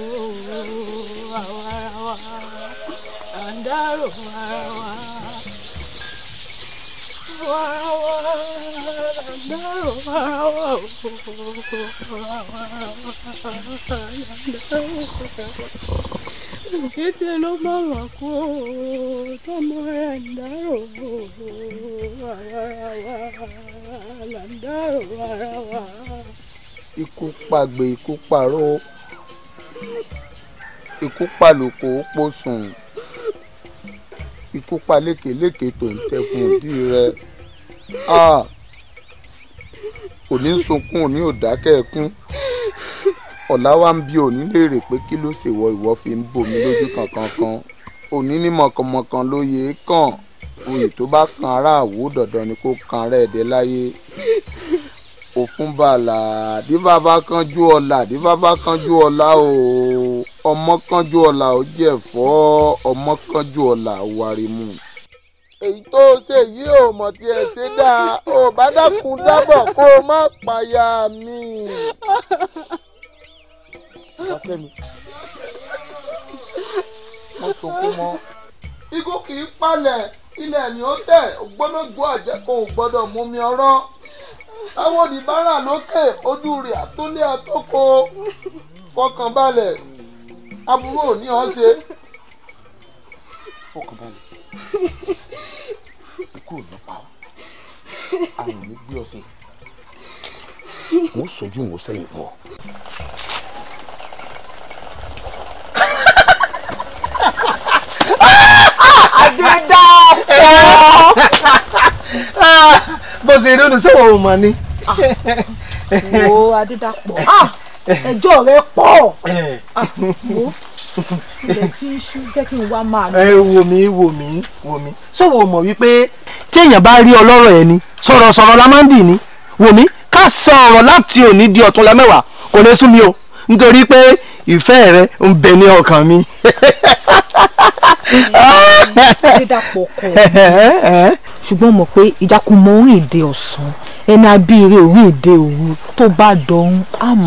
àwarawa à ń dárò àwarawa àwarawa. Kéde ló má wà kó tọmọ ẹ̀ ń dárò ara wa là ń dárò ara wa. Ikú pàgbé ikú pàró ikú pàlùkò ó pò sùn ikú palékeléke tó ń tẹkùn òdì rẹ. Ah òní ń sunkún òní ò dákẹ́ ẹkún ọ̀la wa ń bi òní léèrè pé kí ló ṣèwọ ìwọ fi ń bomi lójú kankan kan òní ní mọ̀kànmọ̀kàn ló yẹ é kàn oyè tó bá kan ará àwò dandan ni kó kan ará ẹ̀dẹ́ láyé òfun bàlà àdí bàbá kanjú ọ̀la àdí bàbá kanjú ọ̀la o ọmọ kanjú ọ̀la ó jẹ̀fọ́ ọmọ kanjú ọ̀la ó mu èyí tó ṣe yìí ò mọ̀ tí ẹ ṣe dáa ò bá dákun dábọ̀ kó o má payà mi. igun kì í palẹ̀ ilẹ̀ ni ó tẹ̀ ògbónógbó àjẹ́ kò gbọ́dọ̀ mú mi ọ̀rọ̀ àwọn oníbàárà lókè ojú rẹ̀ àtúnlé àtọ́kọ fọkàn aburú ò ní ṣe. fọkàn kúrò nípa [LAUGHS] ọ àrùn ní gbé ọsẹ wọn sojú wọn sẹ́yìn bọ. àdídá pọ̀ [LAUGHS] bó ti rí olùsọ̀wọ̀ ò mọ̀ ni. Ah, wo àdídá pọ̀ ah, rẹ pọ̀. [LAUGHS] Eh. Ah, ilẹ̀ tí ń ṣú jẹ́ kí n wá máa. ẹ wò mí wò mí wò mí ṣé wo mọ̀ wípé téèyàn bá rí ọlọ́rọ̀ ẹni sọ̀rọ̀ sọ̀rọ̀ la máa ń dì ní wò mí ká sọ ọ̀rọ̀ láti òní di ọ̀túnla mẹ́wàá kò lè sún mi o nítorí pé ìfẹ́ rẹ ń bẹ ní ọkàn mi. ṣùgbọ́n mọ̀ pé ìjákun mọ orí èdè ọ̀sán ẹni abíire orí èdè òru tó bá dọ̀hún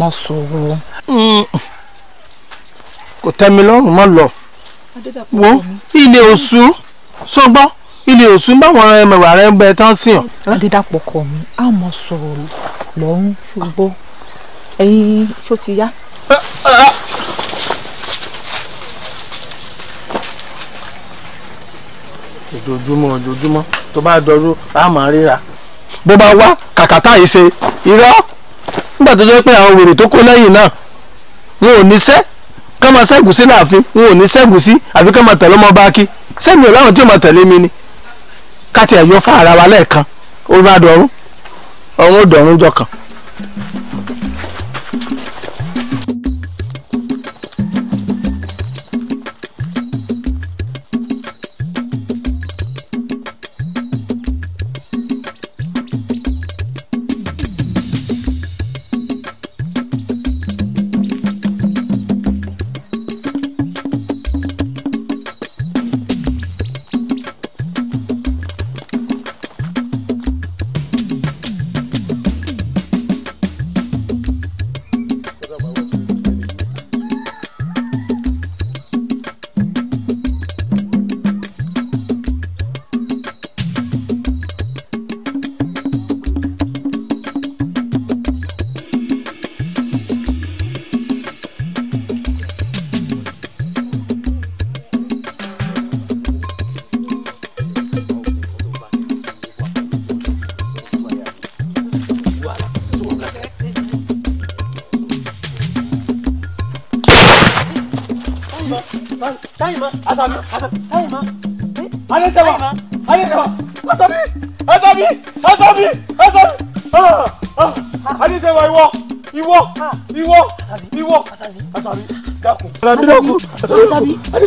á sọ̀rọ̀. Mm kò tẹ́mi lọ́rùn mọ́ lọ wo ilé oṣù sọgbọ́ ilé oṣù báwọn ẹmẹ̀wà rẹ ń bẹ tán sí ọ. Adédàpọ̀ kọ mi á mọ sọ̀rọ̀ lọ́rùn ṣùgbọ́n ẹ̀yin ṣó ti yá. ojoojúmọ́ ojoojúmọ́ tó bá dọrú á máa ríra. bó bá wá kàkàtà yìí ṣe irọ́ nígbà tó jẹ́ pé àwọn wèrè tó kó lẹ́yìn náà wọn ò níṣẹ́ wọ́n máa sí láàfin wọn ò ní ṣẹ́gun sí àfi ká máa tẹ̀lé ọmọ bá kí sẹ́mi ò láwọn tí ò máa tẹ̀lé mi ni káti ẹ̀yọ́ fún ara wa lẹ́ẹ̀kan ó bá dọ̀rùn ọ̀run dọ̀rùn jọ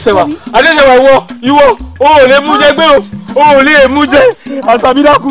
Adéṣẹwà Adéṣẹwà ìwọ ìwọ o ò lè mú jẹ gbé o o ò lè mú jẹ àtàbí dákú.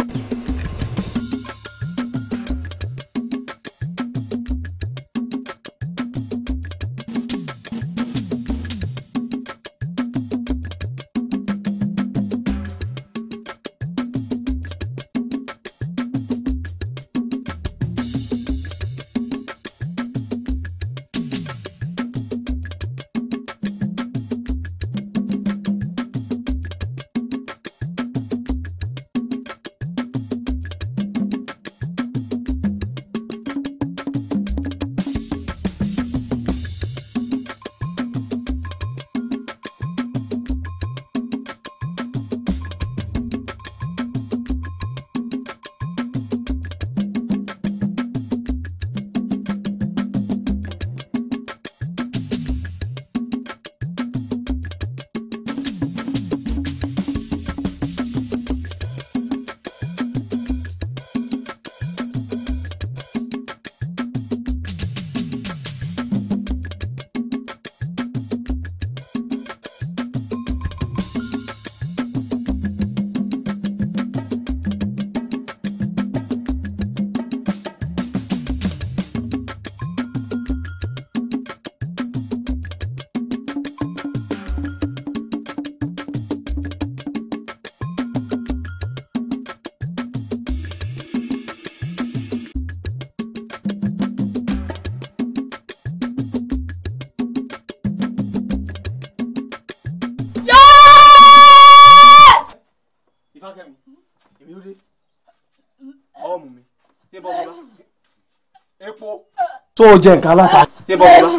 tó o jẹ nǹkan aláta. ṣé bọ́ bọ́lá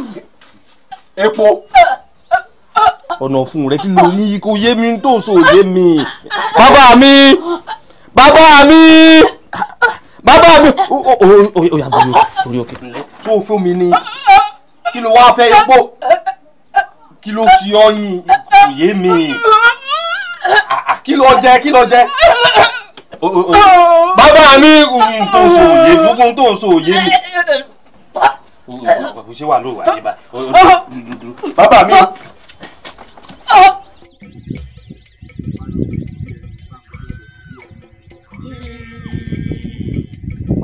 epo ọ̀nà fún rẹ kí ló ní kó yé mi tó so yé mi. bàbá mi bàbá mi bàbá mi ó yá gbé orí òkè. tó o fún mi ni kí ló wáá fẹ́ epo kí ló fi ọyìn kò yé mi kí ló jẹ kí ló jẹ bàbá mi tó so yé mi kò ṣe wà lóòwà yìí báyìí. bàbá mi.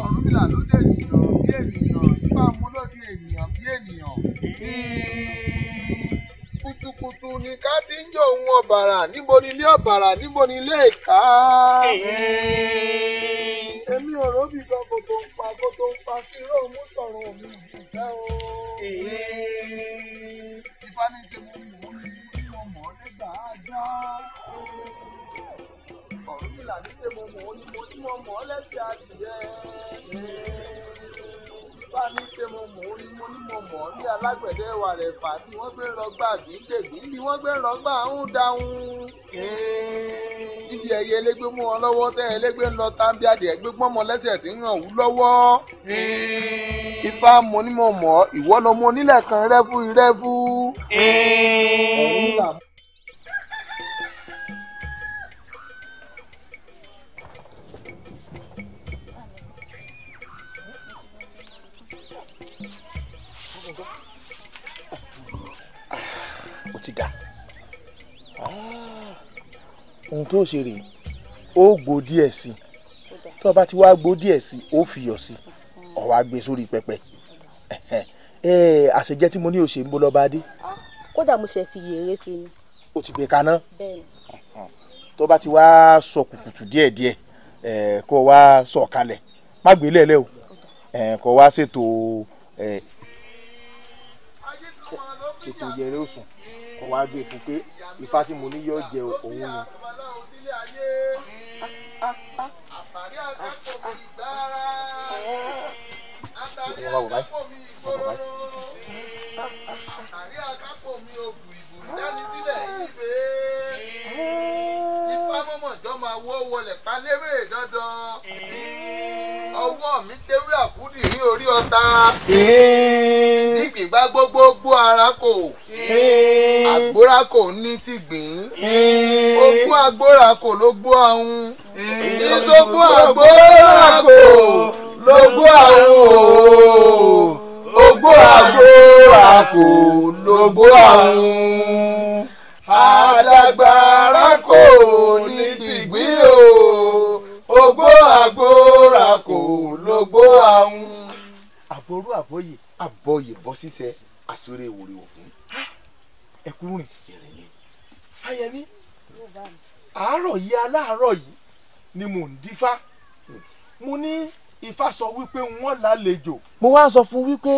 ọ̀rúnmìlà ni ká ti ń jó ohun ọ̀bàrà níbo ni ilé ọ̀bàrà níbo ni ilé ìka. èmi ò róbì gan kò tó ń pa kò tó ń pa kí irọ́ òun mi ọ̀gá o. Ìfá ní ṣe mo mọ̀ ọ́ ní mo mọ̀ ọ́ nígbà àjọ. Ọ̀rúnmìlà ní ṣe mo mọ̀ ọ́ ní mo ní mo mọ̀ ọ́ lẹ́sẹ̀ adìyẹ bá ní pé mo mọ̀ ó ní mo ní mo mọ̀ ní alágbẹ̀dẹ wà rẹ̀ fà ni wọ́n gbé rọgbà gbígbègbí ni wọ́n gbé rọgbà ń dáhùn. ibi ẹ̀yẹ elégbé mú wọn lọ́wọ́ tẹ́ elégbé ń lọ tábí adìẹ gbé pọ́nmọ lẹ́sẹ̀ tí ń ràn wú lọ́wọ́. ifá mo ní mo mọ̀ ìwọ́ lọ mo nílẹ̀ kan rẹ́fú rẹ́fú. òun là ń ohun tó ṣe rèé ó gbó díẹ̀ sí i tó o bá ti wá gbó díẹ̀ sí i ó fiyọ̀ sí i ó wá gbé sórí pẹpẹ àṣejẹ tí mo ní òṣè ń bó lọ́ba dé. kódà mo ṣe fi yèrè sí i. o ti gbé kaná tó bá ti wá sọ kùkùtù díẹ̀díẹ̀ kó o wá sọ kalẹ̀ má gbé lẹ́lẹ́ o kó wá ṣètò ṣètò yẹrẹ òsùn kó wá gbé fún pé ifá tí mo ní yọ jẹ òun ni ayé àtàrí akẹ́kọ̀ọ́ mi gbára àtàrí akẹ́kọ̀ọ́ mi ìgbòròrò àtàrí akẹ́kọ̀ọ́ mi ògùrìgùrì dání sílẹ̀ ìgbé ifá mọ́mọ́jọ́ máa wọ́ wọlé pa lérè dandan ọwọ́ mi déwé àkúdì ní orí ọ̀tá. Tìgbìn gbá gbogbogbò ara kò. Àgbóra kò ní tìgbìn. Ogún agbóra kò ló gbó ahun. Ìṣogún agbóra kò ló gbó ahun o. Ogún agbóra kò ló gbó ahun. Alágbára. ògbó àwọn àbòrú àbòyè àbòyè bọ́ sísẹ àsọ̀rẹ́ ìwòrè òfin ẹkún rìn yẹrẹ yẹn. Fáyẹmí àárọ̀ yìí aláàárọ̀ yìí ni mò ń dífá hmm. mo ní Ifá sọ wípé wọ́n lálejò. mo wá sọ fún wípé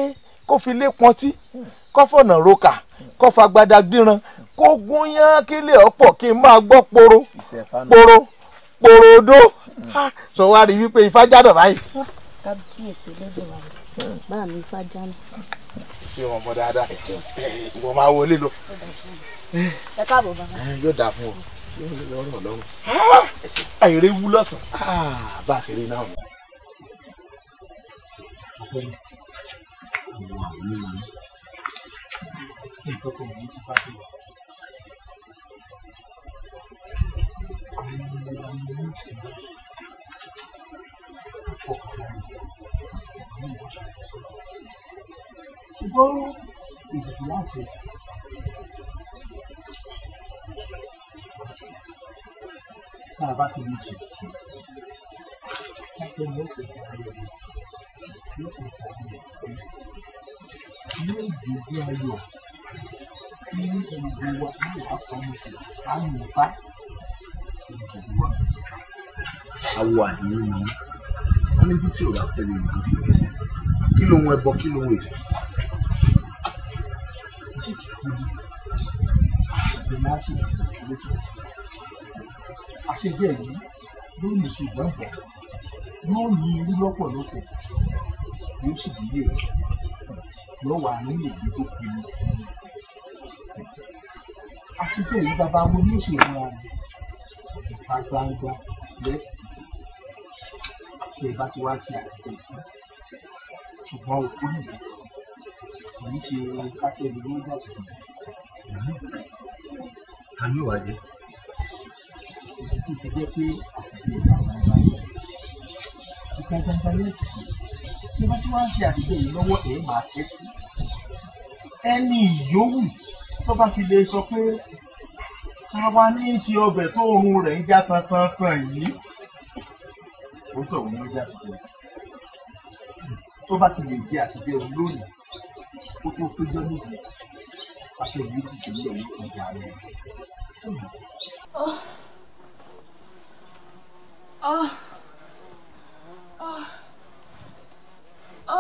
kó fi lé pọntí hmm. kó fọ̀nà roka hmm. kó fagbada gbíran kó gún yán kílẹ̀ ọ̀pọ̀ kí n máa gbọ́ poro poro porodo sọ wá rí wípé Ifá jádọ̀ báyìí kábíyèsí lẹ́gbẹ̀rún bá mi fájá mi. ṣé wọn mọ dáadáa ìwọ máa wọlé lọ. ẹ káàbọ̀ bàbá. yóò dáa fún ọ yóò lè lọ́rùn ọlọ́run. àìrè wú lọ́sàn-án ah, bá a ṣe rí náà. Thank you ṣùgbọ́n ìdìbò láti tá a bá ti ní jù láti ní òkèèjì ayọ̀ ní òkèèjì ayọ̀ ní ìgbèjì ayọ̀ tí ìgbè wa ní àkọmọ̀tì àmì ìfá ìgbèjì wa. Awọ àdéhùn ni níbi tí òrà pẹ̀lú ìlú gbèsè kí ló ń ẹbọ kí ló ń ètùtù. àṣejẹ yìí lórí ìṣùgbọ́n bọ̀ yóò ní irú lọ́pọ̀lọpọ̀ yóò sì dílé rẹ̀ yóò wà ní èyí tó pinnu. àṣejẹ yìí bàbá mo ní òṣèlú ọ̀hún ìta lẹ́sìtì sí i tẹ bá ti wá sí àsìkò ìfún ṣùgbọ́n òkú nìyẹn kì í ṣe kákẹ́ni ló ń dàsìkò ta ni ó jẹ́ pé àsìkò àwọn ọba ìta gbangba lẹ́sìn sí bí wọ́n ti wá ń ṣe yìí lọ́wọ́ ẹ̀ máa tẹ́tí ẹni ìyówù tó bá ti lè sọ pé káwa ní í ṣe ọbẹ̀ tó oorun rẹ̀ ń já tantan kan yìí òótọ́ òun ló jẹ́ àṣìṣe rẹ̀ tó bá ti lè jẹ́ àṣìṣe òun lónìí kó tó péjọ níbi akẹ́bí ti ṣe nílẹ̀ ní rẹ̀. Oh. Oh. Oh. Oh.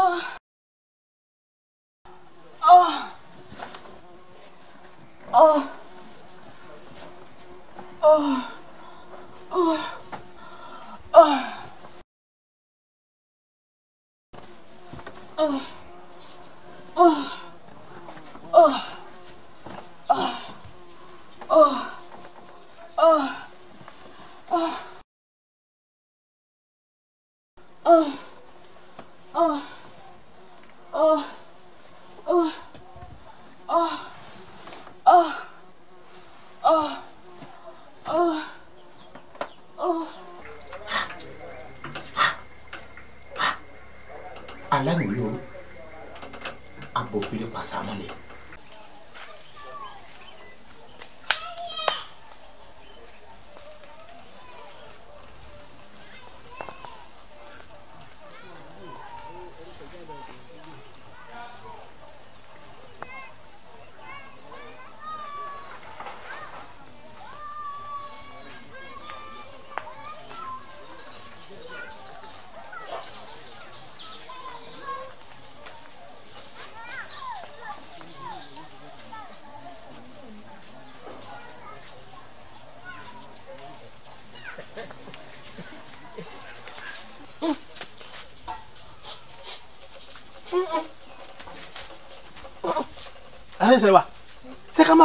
Oh. Oh. Oh. Oh. Oh.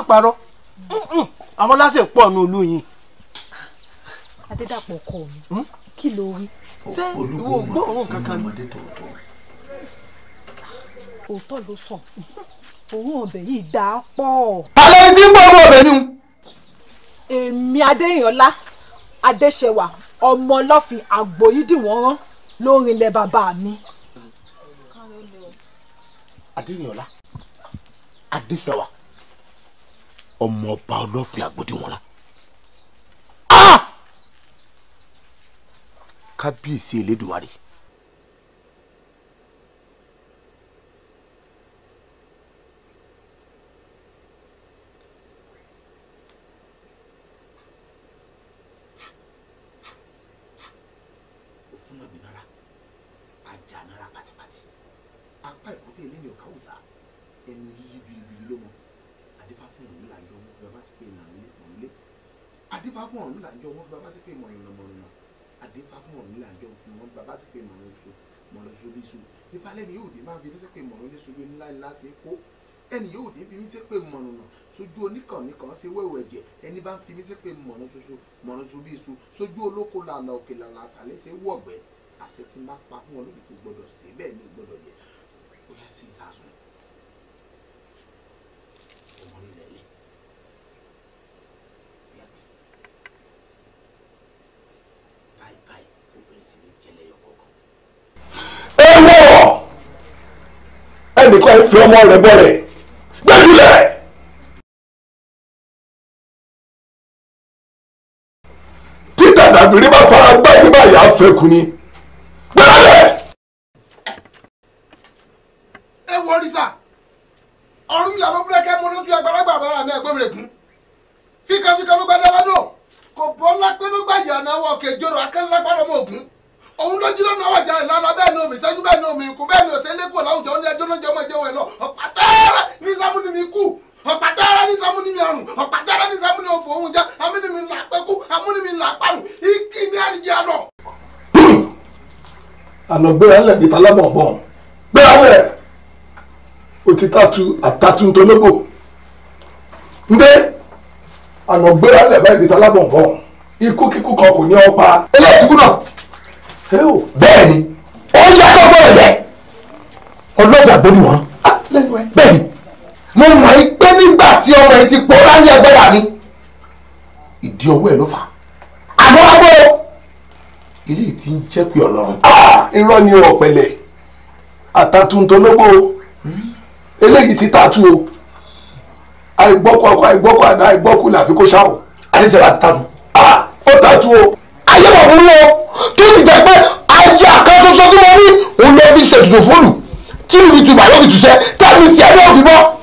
parọ́ àwọn láṣẹ pọ̀ nù ìlú yìí. adédàpọ̀ kọ mi hmm? kí ló wí. ṣé ìwọ gbóòórùn kankan ni. òótọ́ ló sọ òun ọbẹ̀ yìí dáa pọ̀. alẹ́ ní gbogbo ọbẹ̀ ni. èmi adéyànlá adéṣẹwà ọmọ ọlọ́fin àgbòyídìwọ̀nrán ló ń rinlẹ̀ bàbá mi. adéyànlá adéṣẹwà ọmọọba ọlọ́fin àgbòdìwọ̀nla. Ah! kábíyèsí elédùnmarè. sójú oníkànnìkan ṣe wẹ̀wẹ̀ ẹ̀jẹ̀ ẹni bá ń fi mí sí pé mọ̀nà ṣoṣo mọ̀nà ṣoṣo bí iṣu sójú olóko làlà òkè làlà àṣàlẹ̀ ṣe wọ̀ ọ̀gbẹ́ àṣẹ tí ń bá pa fún wọn lórí kò gbọdọ̀ ṣe bẹ́ẹ̀ ni gbọdọ̀ yẹ ó yá sí ìsásùn ọmọ nílẹ̀ lẹ̀ yàgbẹ́ báyìí báyìí obìnrin sì ní jẹ́lẹ̀ yọ kọ̀ọ̀kan. ẹ wọ ẹnìkan fi ọmọ rẹ bọ rẹ gbẹdúlẹ. àbírí bá fara gbá nígbà yà á fẹ́ kú ni. gbẹ́rẹ́. ẹ wo risa ọ̀run mi làbọ̀ búrẹ́kẹ́ mo lójú agbára gbàgbára mi ẹ̀gbọ́n mi rẹ̀ kún fíkanfíkan ló gbàdá lọ́dọ̀ kò bọ́ lápẹ́ ló gbà yà náà ló jí lọ́nà lára bẹ́ẹ̀ ni omi ìṣẹ́jú bẹ́ẹ̀ ni omi bẹ́ẹ̀ ni òṣèlú ọ̀pàdára ní sàmúnimí àrùn ọ̀pàdára ní sàmúnimí ọ̀fọ̀ òun jẹ́ amúnimí làpẹ́kú amúnimí làpàrùn ikí ní àríjẹ́ àná. àná gbéra ńlẹ̀ bíi talábọ̀nbọ̀n gbéra ńlẹ̀ òtí tatu àtàtú ntológò ndé àná gbéra ńlẹ̀ báyìí bíi talábọ̀nbọ̀n ikú kíkú kan kò ní ọ pa. eléyìí kú náà bẹ́ẹ̀ ni ó yá tó gbọ́dọ̀ bẹ́ẹ̀ ọlọ́jà gbóni wọn ah, bẹ́ẹ̀ ni mo mọ̀ nígbà tí ọmọ yìí ti pòórá ní agbára mi ìdí ọwọ́ ẹ̀ ló fà á àmọ́ abọ́ ilé tí ń jẹ́ pé ọlọ́run. Ah, irọ́ ni ọ̀pẹ̀lẹ̀ àtàtúntológbò eléyìí hmm? ti tàtú o àìgbọ́kú ọkọ àìgbọ́kú àdá àìgbọ́kú làfi kó ṣáwọ̀ àdéjọba tàtú ó tàtú o. ayé wà ah, burú o tó ti jẹ pé ayé àkàtúntò tí mo rí òun ló fi ṣètùtù fóònù tí mi fi tùbà yóò fi tùṣẹ tí a fi tiẹ̀ yóò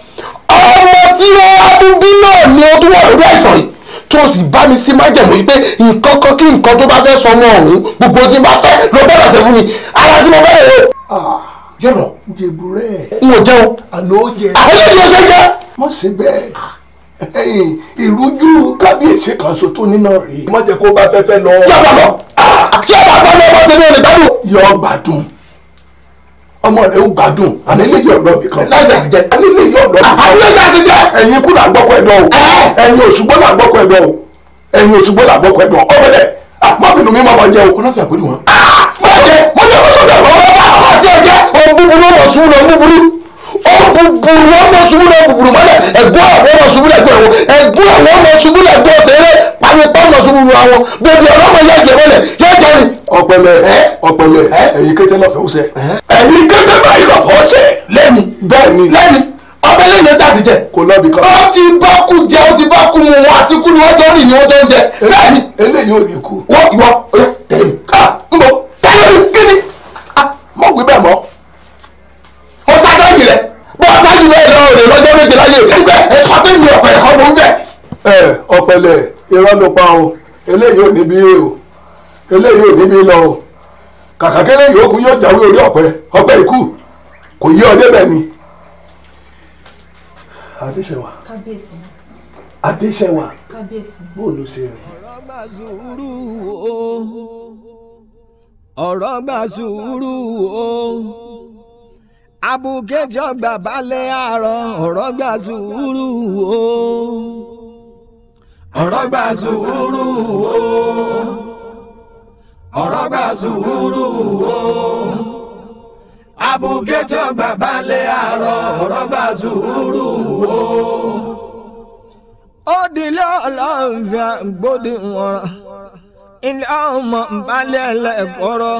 ọmọ tí adúgbí náà ni ó tún wà lórí àìsàn yìí tó sì bá mi sí májẹ̀mú yìí pé nǹkan kan kí nǹkan tó bá fẹ́ sọ ọmọ ọ̀hún gbogbo tí bá fẹ́ lọ bẹ̀rẹ̀ ṣe fún mi ara tí mo bẹ̀rẹ̀ ah, rẹ̀. yọ̀rọ̀ jèbúrẹ́. n ò jẹun. àlọ́ jẹ. àlọ́ jẹ jẹ jẹ. mọ̀ sí bẹ́ẹ̀ ìrújú kábíyèsí kan so tó nínà rèé. mọ̀jẹ̀ kó bá fẹ́fẹ́ lọ. yọ̀ọ̀ ah. bàbá yọ̀ọ̀ bàbá lọ́wọ́ tẹ̀lé olùgbàdùn. yọ̀ọ̀ gbàdùn ọmọ rẹ ń gbádùn àní iléyìí ọ̀dọ́ bì kan lájà jẹ àní iléyìí ọ̀dọ́ bì kan. àní iléyìí àti jẹ. ẹ̀yin ikú là gbọ́kọ̀ ẹ̀dọ̀ o ẹ̀yin òṣùgbọ́ là gbọ́kọ̀ ẹ̀dọ̀ o ẹ̀yin òṣùgbọ́ là gbọ́kọ̀ ẹ̀dọ̀ o ọ̀bẹ̀lẹ̀ àpọ̀bìnrin mi máa jẹ o. ọlọ́fẹ́ àpèjì wọn. báyẹn mo ní ọkọ sọdọ ọmọ ọmọ ọmọ àti ọjẹ. ohun búburú ọmọ sùn lọ búburú ohun búburú ọmọ sùn lọ búburú mọ́lẹ̀ ẹ̀gbọ́n àwọn ọmọ sùn lẹ̀ gbọ́ ẹ̀wọ̀ ẹ̀gbọ́n àwọn ọmọ sùn lẹ̀ gbọ́ tẹ̀lé pàmìpá ọmọ sùn lù àwọn gbogbo ọlọ́mọ yẹ jẹ mọ́lẹ̀ yẹ jẹ ni. ọ̀pẹ̀lẹ̀ ọ̀pẹ̀lẹ̀ ẹ̀yin kété lọ́fẹ̀ẹ́ ẹ̀yin gẹ́gẹ́ báyìí lọ́pọ̀ ṣe. lẹ́nu bẹ́ẹ̀ ni lẹ́nu ọbẹ̀ lẹ́nu dàbí jẹ kò lọ́bi kan. ó ti bá kú jẹ ó ti bá kú mu wọn àti kú ni wọ́n jọ rìn ni wọ́n jọ ń jẹ. lẹ́nu eléyìí ò ní kú. wọ́n ìwọ tẹ̀lé mi. n bọ tẹ̀lé mi kí ni mọ̀ gbé bẹ́ẹ̀ mọ́. mo sáájú yìí rẹ̀ bọ́ sáájú bẹ́ẹ̀ lọ rẹ̀ lọ́jọ́ méje láyé ẹgbẹ́ ẹ̀ka tó mi ọ̀pẹ̀lẹ̀ kan mò ń bẹ̀. ẹ ọ̀pẹ̀lẹ̀ o eléyìí ò ní bí o eléyìí ò ní bí lọ o kàkàkẹ́lẹ́ yòókù yóò jáwé orí ọ̀pẹ ọ̀pẹ ikú kò yí ọdẹ bẹ́ẹ̀ ni. adéṣẹwà adéṣẹwà bó ló ṣe rìn. ọ̀rọ̀ gbà sùúrù o ọ̀rọ̀ gbà sùúrù o abùkẹ́jọ́ gbàbálẹ̀ àárọ̀ ọ̀rọ̀ gbà sùúrù o ọ̀rọ̀ gbà sùúrù o ọ̀rọ̀ gba sùúrù o abùgẹ́tì ọgbà balẹ̀ àárọ̀ ọ̀rọ̀ gba sùúrù o. ó dilé ọlọ́run fi àgbòdì wọn ilé ọmọ balẹ̀ lẹ́kọ̀ọ́rọ́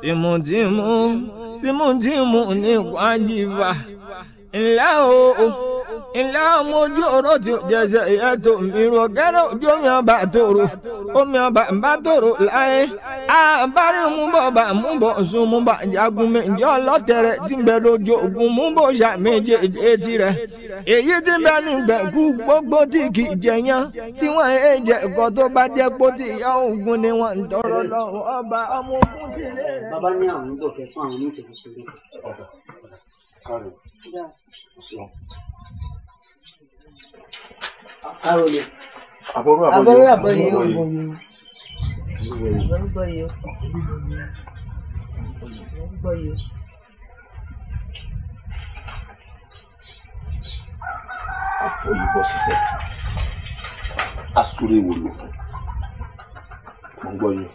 tìmùtìmù tìmùtìmù ní kwájìfà ńlá o. ilé ọmọ ojú oró ti jẹsẹ̀ ìyá tó mìíràn ọ̀gẹ́rẹ́ omi ọba tòrò omi ọba láyé àbárí bá múbọ̀ sùn múbọ̀ jagun méjì ọlọ́tẹ̀rẹ̀ tí ń bẹ ogun etí èyí tí ń bẹ nígbẹ̀ gbogbo tí kì í jẹyàn tí jẹ tó bá ogun ni àròlé àbọ̀rú àbọ̀yé yóò bọ̀ yìí àbọ̀rú bọ̀ yìí àbọ̀rú bọ̀ yìí. àfọyíbọ ṣiṣẹ́ asúré wò ló fún mo ń gbọ́ yín.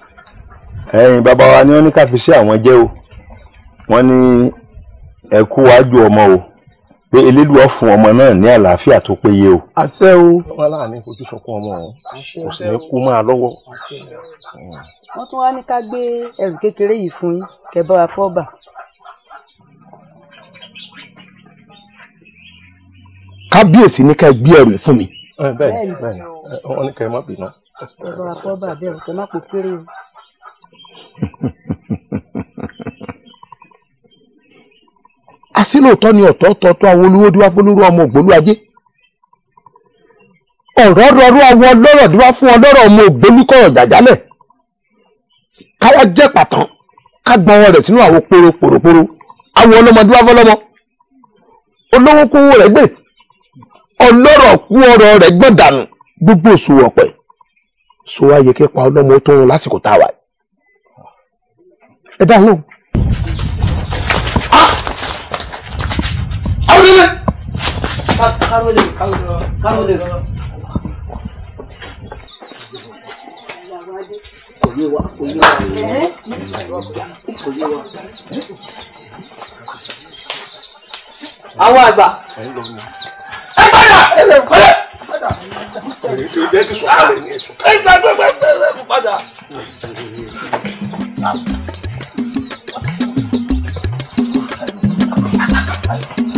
ẹ̀yin bàbá wa ni wọ́n ní ká fi sí àwọn jẹ́ o wọ́n ní ẹ kú wájú ọmọ o pé elédùá fún ọmọ náà ní àlàáfíà tó péye o. àṣẹ o. wọn láàánú kojú sọkún ọmọ ọhún kò sì ní kú máa lọ́wọ́. Hmm. wọ́n tún wá ní ká gbé ẹrù kékeré yìí fún yín kẹ́ bá wa fọ́ bà. kábíyèsí ní ká gbé ẹrù fún mi. Eh, bẹ́ẹ̀ni bẹ́ẹ̀ni wọn ní kẹ́ má bínú. kẹ́ bá wa fọ́ bà má kó kéré o. [LAUGHS] àsìlóòótọ́ ni ọ̀tọ̀ọ̀tọ̀ tó àwọn olówódé wá fólóró ọmọ ògbólú ajé ọ̀rọ̀ rọrú àwọn ọlọ́rọ̀ dí wá fún ọlọ́rọ̀ ọmọ ògbólú kọ̀rọ̀ jàjálẹ̀ káwọ́ jẹ́ pàtàn ká gbọ́n ọ̀rọ̀ rẹ̀ sínú àwọn poro poroporo àwọn ọlọ́mọdé wá fọlọ́mọ olówó kówó rẹ̀ gbé ọlọ́rọ̀ kú ọ̀rọ̀ rẹ̀ gbọ́n dànù gbogbo òṣùwọ̀ sọ wá yẹ pa ọlọ́mọ tó ń lásìkò táwa ẹ dáhùn káró lè káró lè rọ. kò yé wa kò yé wa kò yé wa. àwọn àgbà. ẹ padà ẹ lè padà. ẹ gbàgbé ẹ padà. Thank you.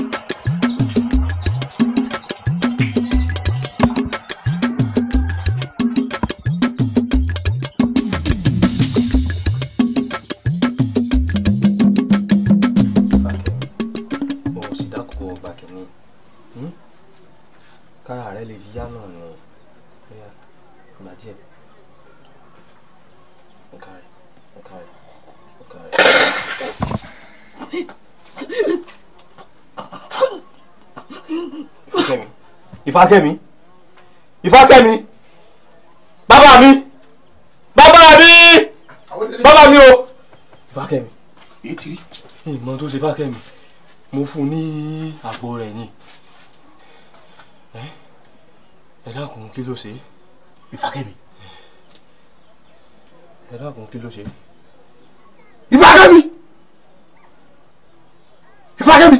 kára rẹ lè fi yá náà ni ọ̀yà ìgbà díẹ̀ nǹkan rẹ̀ nǹkan rẹ̀ nǹkan rẹ̀. ìfákẹ́mi ìfákẹ́mi bàbá mi bàbá mi bàbá mi o ìfákẹ́mi ìmọ̀ tó ṣe fákẹ́mi mo fún un ní àgbo rẹ̀ ni ẹ dákun kí ló ṣe. ìfàkẹ́mi. ẹ dákun kí ló ṣe. ìfàkẹ́mi. ìfàkẹ́mi.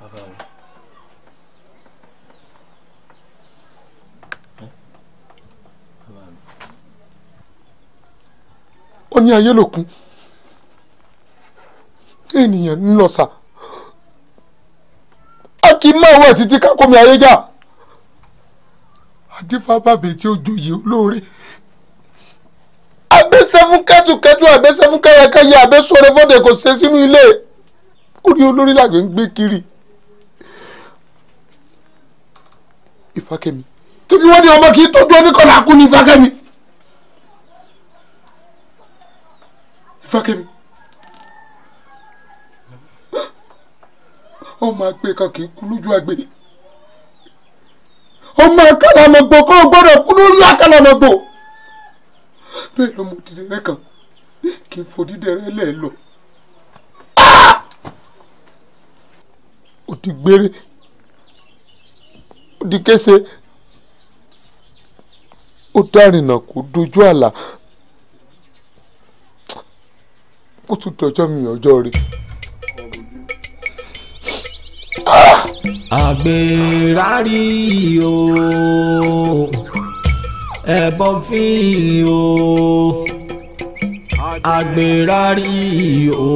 bàbá mi. ó ní ayé lòkun ènìyàn ń lọ sà a kì í máa wọ títí ká kó mi ayé jà adífábàbè tí ó joyè olóore abẹ́sẹ̀ fún kẹ́tùkẹ́tù abẹ́sẹ̀ fún kẹ́yẹkẹ́yẹ abẹ́sọ̀rọ̀ fọ́dẹ̀ kò ṣe sínú ilé orí olórí làgbé ń gbé kiri ìfakẹ́mi tóbi wọ́n ní ọmọ kì í tọ́jú ọdún kan làákú ní ìfakẹ́mi ìfakẹ́mi ọmọ àgbẹ̀ kan kì í kú lójú àgbẹ̀ yìí. O ọmọ akálàmọ̀gbò ko o gbọ́dọ̀ kú lórí akálàmọ̀gbò. bẹ́ẹ̀ lọ́mọ òdìdẹ rẹ kan kì í fòdìdẹ rẹ lẹ̀ lọ. ó ti gbére ó di kése ó dárìnà kó dojú àlà ó tún dọjọ́ mi ọjọ́ rí. àgbèrárì o ẹ̀bọ̀n fi o àgbèrárì o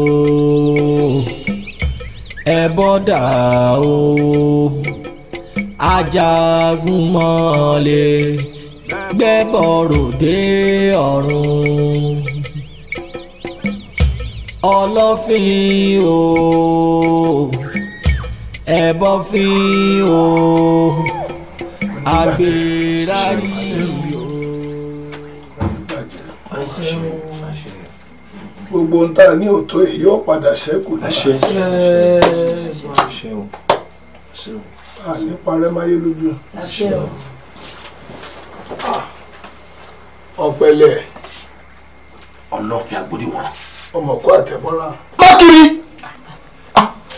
ẹ̀bọ̀dà o ajagunmọ̀lẹ̀ gbẹ́bọ̀ròdé ọ̀run ọlọ́fin o ẹbọ fi o agbèrari o. gbogbo ń tà ní òtó yìí yóò padà ṣẹ́kù láṣẹ. àní parẹ́ máyé lójú. Ah. ọ̀pẹ̀lẹ̀ ọlọ́pẹ̀ agbódiwọ̀n. ọmọkú àtẹ̀bọ́lá. mọ́kìrì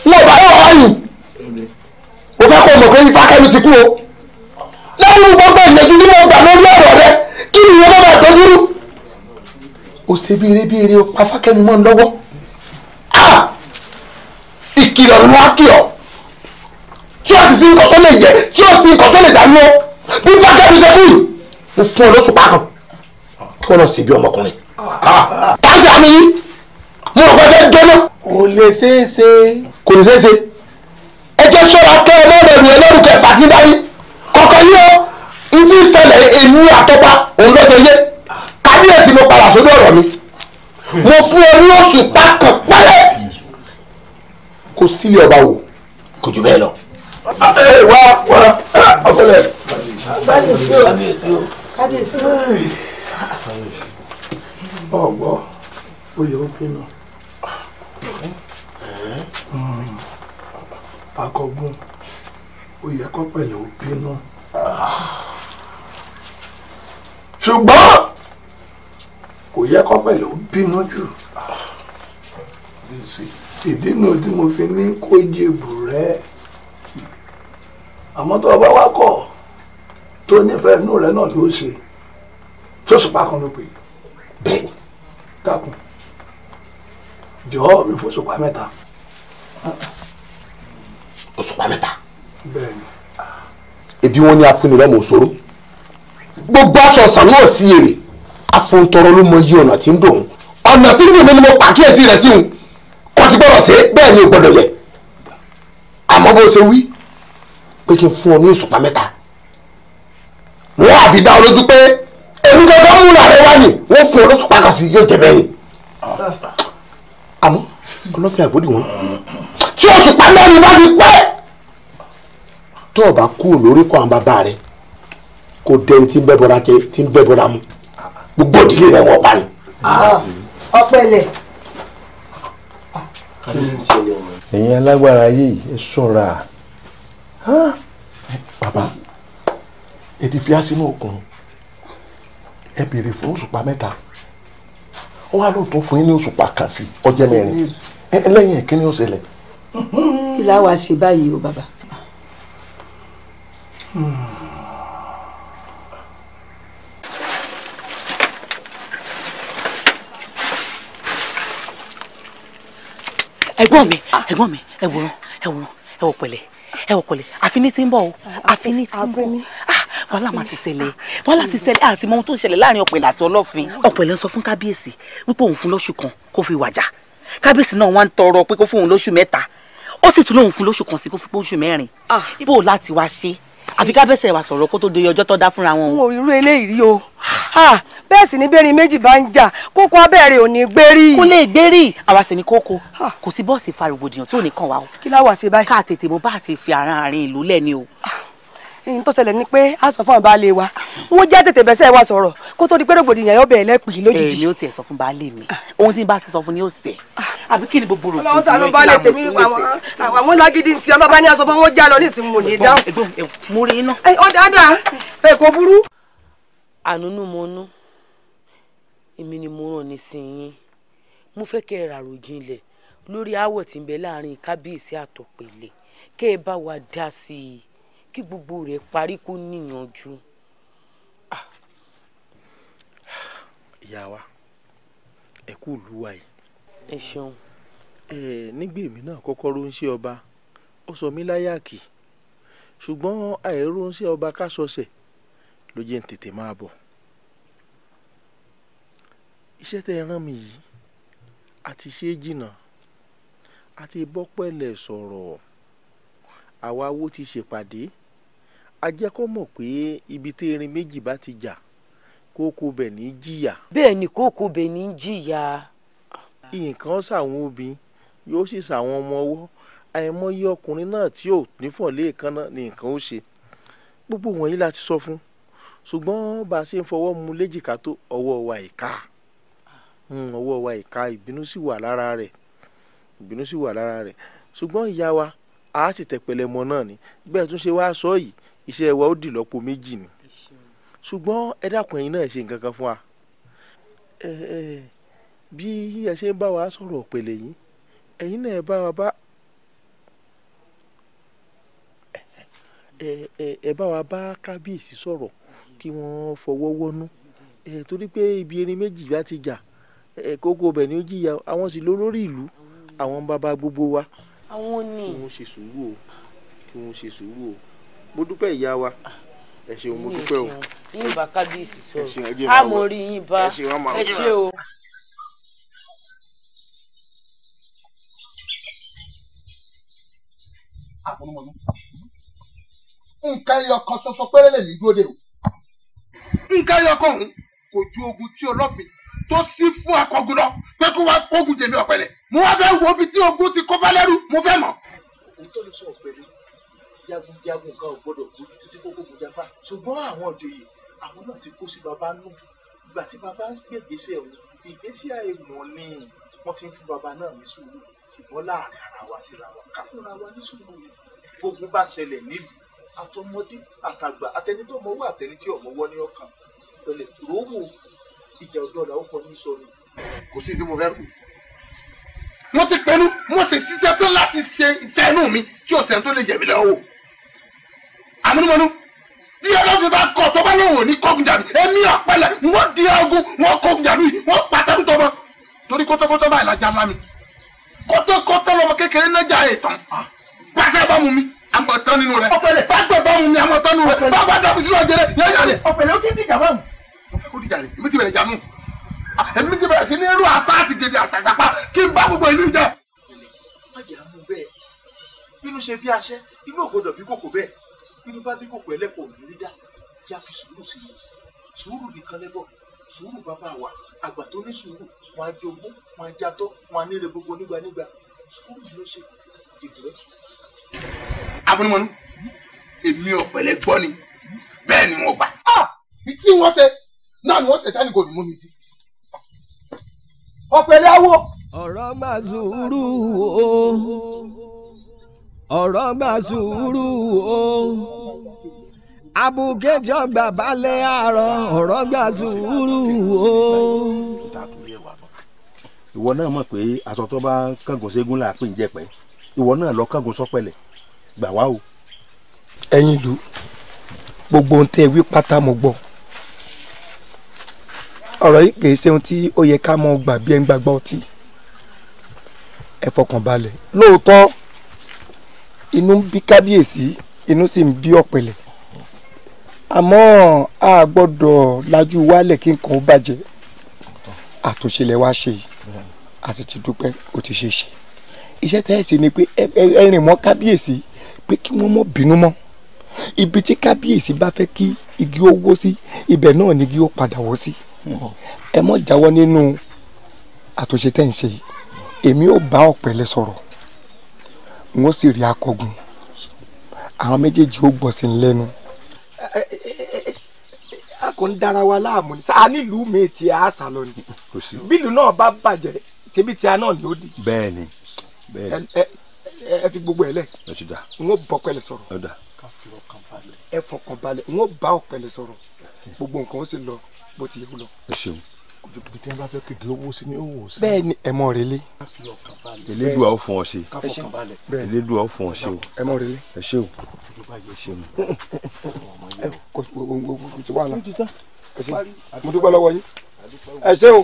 wọ́n bá yọ̀ wáyìí mo fẹ́ kó mọ̀ pé ìfákẹ́mi ti kú o lẹ́yìn gbogbo ìyẹ̀jú ni mo gbà lórí ọ̀rọ̀ rẹ kí ni ìyẹn bá tọ́jú rú ó ṣe bí eré bí eré o pa fákẹ́mi mọ́ ń lọ́wọ́ ìkìlọ̀ ńlá kì ọ́ tí a sì fi nǹkan tó lè jẹ tí ó fi nǹkan tó lè dání o bí fákẹ́mi ṣe kú mo fún ọ lóṣù pákan kí wọ́n lọ sí ibi ọmọkùnrin tájà mi mo rò pé fẹ́ jóná. kò lè ṣeé ṣe. kò lè ṣeé ṣe ẹ jẹ́ ṣọ́ra kẹ́ ẹ lọ́rọ̀ ẹ̀yìn ẹlọ́rùkọ ìpàdé dání kọ̀ọ̀kan yìí ó ibi ìṣẹ̀lẹ̀ èmi àtọ́ba òun lọ́jọ́ yé kábíyèsí mo padà sódò ọ̀rọ̀ mi mo fún ẹ ní oṣù pákàn pẹ́rẹ́ kò sí ilé ọba wò kò jù bẹ́ẹ̀ lọ. wá wá ọ̀fẹ́lẹ̀. kábíyèsí o kábíyèsí o. ọ̀gbọ́n oyè ó pinnu akọgbọ́n ó yẹ kó pẹ̀lú bínú. ṣùgbọ́n kò yẹ kó pẹ̀lú bínú jù. ìdí nu tí mo fi ní kó jèbù rẹ àmọ́ tó o bá wá kọ̀ tó nífẹ̀ẹ́ inú rẹ náà ló ṣe tó sì pa kan ló pè bẹ́ẹ̀ dákun jọ̀ọ́ mi fòṣùpá mẹ́ta òṣùpá mẹ́ta ebi wọn ní afúnilọ́mọ òṣòro gbogbo aṣọ ọ̀sán náà sí èrè afúntọrọ ló mọ iye ọ̀nà tí ń dòun ọ̀nà tí ń dòun ni mo pàkíyèsí rẹ̀ sí un kò sì gbọ́dọ̀ ṣe bẹ́ẹ̀ ni ò gbọ́dọ̀ yẹ àmọ́ bó ṣe wí pé kí n fún ọ ní òṣùpá mẹ́ta wọn àfi dá ọ lójú pé èmi gbọ́dọ̀ mú làárẹ̀ wá ní wọ́n fún ọ lóṣùpá kan sí yóò jẹ bẹ́ẹ̀ ni àmọ́ ọlọ́fin àgbòdì wọn tí òṣùpá mẹ́rin bá ti pẹ́ tó o bá kú lórí kọ́ àwọn bàbá rẹ kò dẹni tí ń bẹ́ bọ́ra tẹ tí ń bẹ́ bọ́ra mu gbogbo ìdílé rẹ wọ́n bá ní. ọpẹlẹ. ẹ̀yin alágbára yìí ẹ ṣọ́ra bàbá ẹ ti fi á sínú òkun ẹ béèrè fún òṣùpá mẹ́ta wọ́n á lò tó fún yín ní òṣùpá kan sí ọjọ́ mẹ́rin ẹ lẹ́yìn ìkíní ọ̀sẹ̀ lẹ̀. kí la ṣe báyìí o bàbá ẹ̀gbọ́n mi ẹ̀gbọ́n mi ẹ wòran ẹ wòran ẹ wò pẹ̀lẹ́ ẹ wò pẹ̀lẹ́ ń bọ̀ o àfiní ti ń bọ̀ ah, wàhálà máa ti ṣẹlẹ̀ wàhálà ti ṣẹlẹ̀ àti mọ ohun tó ń ṣẹlẹ̀ láàrin ọ̀pẹ̀lẹ̀ àti ọlọ́fin ọ̀pẹ̀lẹ̀ ń sọ fún kábíyèsí wípé òun fún lóṣù kan kó fi wàjà kábíyèsí náà wá ń tọrọ pé kó fún òun lóṣù mẹ́ta ó sì tún lóun fún lóṣù kan sí kó fi pé oṣù mẹ́rin ibo ah. láti wá ṣe àfi ká bẹ́sẹ̀ wà sọ̀rọ̀ kó tó de ọjọ́ tó dá fúnra wọn. wọn ò irú eléyìí o bẹ́ẹ̀ sì ni bẹ́ẹ̀rin méjì bá ń jà kókó abẹ́rẹ́ ò ní gbérí. kó lè gbérí àwa sì ni kókó kò sí bọ́ọ̀sì fa rògbòdìyàn tí ò ní kàn wá o. kí láwàá ṣe báyìí. ká tètè mo bá ṣe fi àárín ìlú lẹ́ni o n tó ṣẹlẹ̀ ni pé a sọ fún àwọn wa wọ́n jẹ́ tètè bẹ́sẹ̀ wa sọ̀rọ̀ kó tó di pé rògbòdìyàn yóò bẹ̀rẹ̀ lẹ́pì lójijì. èmi ò tiẹ̀ sọ fún baálé mi ohun tí n bá ṣe sọ fún ni ó ṣe àbí kí ni gbogbo rògbòdìyàn kí ni àwọn lágídí ti ọba bá ní aṣọ fún wọn já lọ ní ìsinmi mò ní dáhùn. ó dáadáa ẹ̀kọ́ burú. ànúnú mo nú èmi ni mo ràn ní mo fẹ́ kẹ́ ẹ ràròjinlẹ̀ lórí aáwọ̀ tí ń bẹ láàrin kábíyèsí àtọ̀pẹ̀lẹ̀ kẹ́ ẹ bá wa dá sí i kí gbogbo rẹ̀ parí kó níyanjú. Ah. ìyá wa ẹ kú ìlú wa yìí. ẹ ṣeun. ẹ nígbà èmi náà kọ́kọ́ ránṣẹ́ ọba ó sọ mí láyàkì ṣùgbọ́n àìránṣẹ́ ọba ká sọ̀sẹ̀ ló jẹ́ ń tètè máa bọ̀. iṣẹ́ tẹ́ ẹ mi yìí àti ṣe é jìnnà àti bọ́pẹ́lẹ̀ sọ̀rọ̀ àwa wo ti ṣèpàdé a jẹ́ kó mọ̀ pé ibi tí erin méjì bá ti jà kókó bẹ̀ ní jìyà. bẹ́ẹ̀ ni kókó bẹ̀ ní jìyà. nǹkan ṣàwọn obìnrin yóò sì ṣàwọn ọmọ ọwọ́ àìmọye ọkùnrin náà tí ò nífọ̀n léèkan náà ni nǹkan ó ṣe gbogbo wọ̀nyí la ti sọ fún ṣùgbọ́n bá a ṣe ń fọwọ́ mu léjìká tó ọwọ́ wa ìka hmm, ọwọ́ wa ìka ìbínú sì wà lára rẹ̀ ìbínú sì wà lára rẹ̀ ṣùgbọ́n ìyá wa a sì tẹ̀pẹ̀lẹ̀ mọ́ náà ni bẹ́ẹ̀ tún ṣe wá sọ yìí iṣẹ́ wa ó dì lọ́pọ méjì ni ṣùgbọ́n ẹ dákun ẹ̀yin náà ṣe nǹkan kan fún wa bí ẹ ṣe ń bá wa sọ̀rọ̀ pẹ̀lẹ́ yìí ẹ̀yin náà bá wa bá ẹ bá wa bá kábíyèsí sọ̀rọ̀ kí wọ́n fọwọ́ wọ́nú torí pé ibi erin méjì bá ti jà kókó ọbẹ̀ ni ó jìyà àwọn sì lólórí ìlú àwọn bàbá gbogbo wa. àwọn ni. kí wọ́n ṣe sùúrù o kí wọ́n ṣe sùúrù o mo dúpẹ́ ìyá wa ẹ ṣeun mo dúpẹ́ o. yín bá kábíyèsí sọ̀rọ̀ àmórí yín bá ẹ ṣe o. nǹkan ẹyọ kan ṣoṣo péré lè ní dúró dé o. nǹkan ẹyọ òun kò ju ogun tí olófin tó sí fún akọgun lọ pé kó wá kógun jèmi ọ̀pẹ̀lẹ̀ mo wá fẹ́ wo ibi tí ogun ti kó fálẹ́rù mo fẹ́ mọ̀. òun tó lè sọ ọ̀pẹ̀lẹ̀ jagunjagun kan ò gbọdọ̀ gbójú títí kókó gbòjàfà ṣùgbọ́n àwọn òjòyè àwọn náà ti kó sí baba nù ìgbà tí baba gbègbèsè òun ìgbésí àìmọ̀ ni wọ́n ti ń fún baba náà ní sùúrù ṣùgbọ́n láàrin ara wa síra wa ká fúnra wa ní sùúrù ni gbógun bá ṣẹlẹ̀ nílùú àtọmọdé àtàgbà àtẹni tó mọwọ́ àtẹni tí ọmọwọ́ ní ọkàn tẹ́lẹ̀ róòmù ìjà ọdọọdà ó kọ ní sọnù. kò sí ìdí mo kù mo ti pinnu mo sì ṣiṣẹ́ tó láti ṣe ìfẹ́ inú mi tí ọ̀sẹ̀ tó lè jẹ̀mí lọ́wọ́ àmúnumọ́nú bí ọlọ́fin bá kọ tó bá lóun ò ní kọ́gun jàdù èmi ọ̀pẹlẹ̀ wọ́n di ọgùn wọ́n kọ́gun jàdù yìí wọ́n pàtàkì tọmọ torí kótókótó báyìí lajà ńlá mi kótókótó lọmọ kékeré nájà ètàn pàṣẹ bá mú mi àmọ̀ tán nínú rẹ̀ ọ̀pẹlẹ̀ bá gbẹ̀ bá mú mi àmọ̀ tán nínú rẹ̀ bá bá dàbí sínú ọ̀jẹ̀rẹ̀ yẹ́yà rẹ̀ ọ̀pẹlẹ̀ ó ti ń dìjà báwù. mo fẹ́ kó dìjà ìjà. má jẹ́ ṣe bí aṣẹ́ inú ògbódò bí kòkò bẹ́ẹ̀ bínú bá bí kòkó ẹlẹ́kọ̀ọ́ ní rí dá já fi sùúrù sí i sùúrù nìkan lẹ́bọ̀ sùúrù bàbá wa àgbà tó ní sùúrù wọn á jogún wọn á jatọ́ wọn á nílé gbogbo nígbà nígbà sùúrù ló ṣe dìgbẹ́. abúlé èmi ọ̀pẹ̀lẹ̀ gbọ́ ni bẹ́ẹ̀ ni wọ́n gbà. tí wọ́n tẹ náà ni wọ́n tẹ sani gòdì mi sí. ọ̀pẹ̀lẹ̀ awo. ọ̀rọ̀ máa zùúrù o ọ̀rọ̀ gba sùúrù o abukeji ọgbà balẹ̀ àárọ̀ ọ̀rọ̀ gba sùúrù o. ìwọ náà mọ̀ pé aṣọ tó bá kángun ségun là á pè ń jẹpẹ́ ìwọ náà lọ kángun sọ́pẹ̀lẹ̀ gbà wá o. ẹ̀yin ìlú gbogbo ohun tẹ́ ẹ wí pátá mo gbọ́ ọ̀rọ̀ yìí kì í ṣe ohun tí ó yẹ ká mọ̀ gbà bí ẹ ń gbàgbọ́ ọtí ẹ fọkàn balẹ̀ lóòótọ́ inú ń bí kábíyèsí inú sì ń bí ọ̀pẹ̀lẹ̀ àmọ́ a gbọ́dọ̀ lajú wálẹ̀ kí nǹkan ó bàjẹ́ àtúnṣe lẹ wá ṣe a sì ti dúpẹ́ ó ti ṣe é ṣe iṣẹ́ tẹ́ ẹ̀ sí ni pé ẹ rìn mọ́ kábíyèsí pé kí wọ́n mọ̀ bínú mọ́ ibi tí kábíyèsí bá fẹ́ kí igi ó wó sí ibẹ̀ náà ni igi ó padà wó sí ẹ mọ̀ jáwọ́ nínú àtúnṣe tẹ́ ń ṣe èmi ò bá ọ̀pẹ̀lẹ̀ sọ̀rọ̀ n ó sì rí akọgun àwọn méjèèjì ó gbọ́ sí i lẹ́nu. a kò ń dara wa láàmú ni a nílùú mi ti a sà lọ ni bílù náà bá bàjẹ́ tèmi tí a náà ni ó di. bẹ́ẹ̀ni bẹ́ẹ̀ni ẹ fi gbogbo ẹ lẹ n ó bọ pẹ̀lẹ́ sọ̀rọ̀ ẹ fọkàn balẹ̀ n ó bá ọpẹlẹ sọ̀rọ̀ gbogbo nǹkan ó sì lọ bó ti yẹ kó lọ. ẹ ṣeun kùtùkùtù tí wọn bá fẹ́ kéde owó sí ni ó wò sí. bẹ́ẹ̀ ẹ mọ rẹ lé. elédùà fún ọ ṣe elédùà ó fún ọ ṣe o ẹ mọ rẹ lé. ẹ ṣe o ẹ kò wàhálà mo dúpẹ́ lọ́wọ́ yín ẹ ṣe o.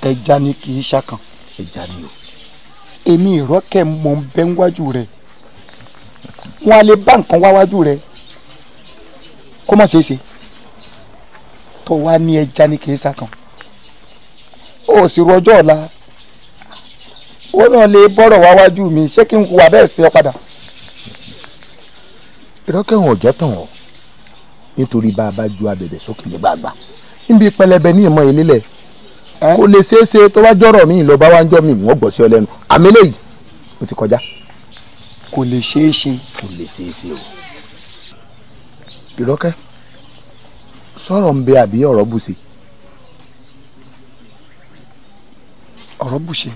ẹja ni kì í ṣàkàn. ẹja ni o. èmi ìrọ́kẹ̀ mọ̀ ń bẹ́ wájú rẹ̀ wọn a lè bá nǹkan wá wájú rẹ̀ kó má ṣeé ṣe tó wá ní ẹja ni kì í ṣàkàn. ó sì ru ọjọ́ ọ̀la ó náà lè bọ́rọ̀ wá wájú mi ṣé kí n wà bẹ́ẹ̀ sí ọ padà. ìrọ́kẹ̀ wọn ò jẹ́ tàn ọ́ nítorí bá a bá ju abẹ̀bẹ̀ sókè nígbàgbà níbi pẹlẹbẹ ní ìmọ̀ ìlélẹ̀ kò lè ṣeé ṣe tó bá jọ̀rọ̀ mi lọ bá wá ń jọ́ mi wọ́n gbọ́ sí ọ lẹ́nu àmì eléyìí ó ti kọjá. kò lè ṣeé ṣe. kò lè ṣeé ṣe o. ìrọ́kẹ́ sọ̀rọ̀ ń bẹ àbí ọ̀rọ̀ bùṣe. ọ̀rọ̀ bùṣe.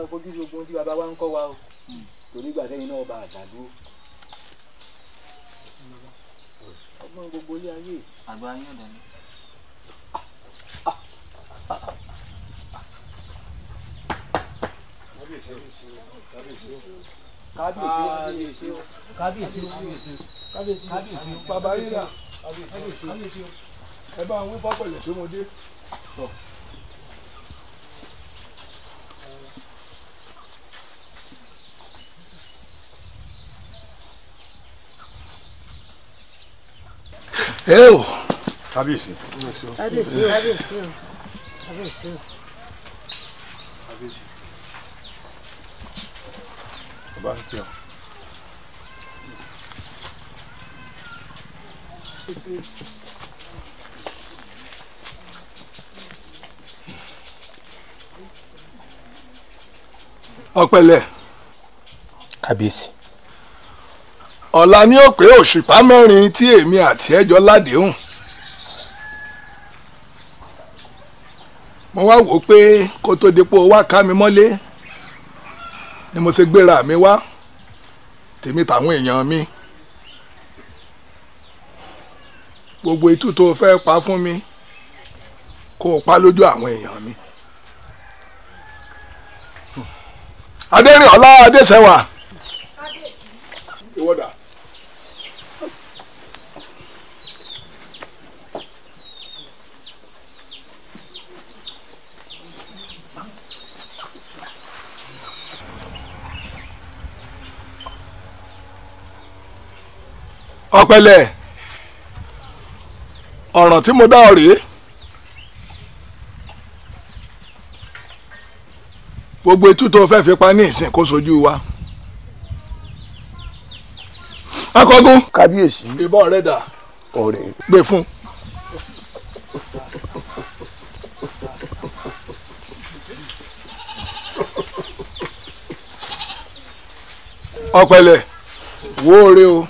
máa fojú sí ogun tí baba wa ń kọ́ wa o torí hmm. ìgbà sẹ́yìn náà ọba àgbàdo ọgbọ́n gbogbo ilé ayé. àgbà yín ọ̀dọ̀ ni. kábíyèsí o kábíyèsí o kábíyèsí o kábíyèsí o bàbá yín náà kábíyèsí o ẹ bá ń wí fọ́pọ̀ ìlẹ̀ tó mo dé. Eu? Abicil. Abicil, Abicil. Abicil. Abaixa aqui, ó. Ó o Pelé. Cabeça. ọ̀la ni ó pé òṣùpá mẹ́rin tí èmi àti ẹjọ́ ládéhùn mo wá wò ó pé kó tó dépò wá ká mi mọ́lé ni mo ṣe gbéra mi wá tèmi tàwọn èèyàn mi gbogbo itú tó fẹ́ pa fún mi kó o pa lójú àwọn èèyàn mi. adérìnọlá adéṣẹwà Ọpẹlẹ, ọ̀ràn tí mo dá ọ rèé gbogbo etú tó fẹ́ fipá ní ìsìn kó sojú wa. akọgun. kábíyèsí. ìbọn rẹ dà. gbé fún. Ọpẹlẹ, wo ore o.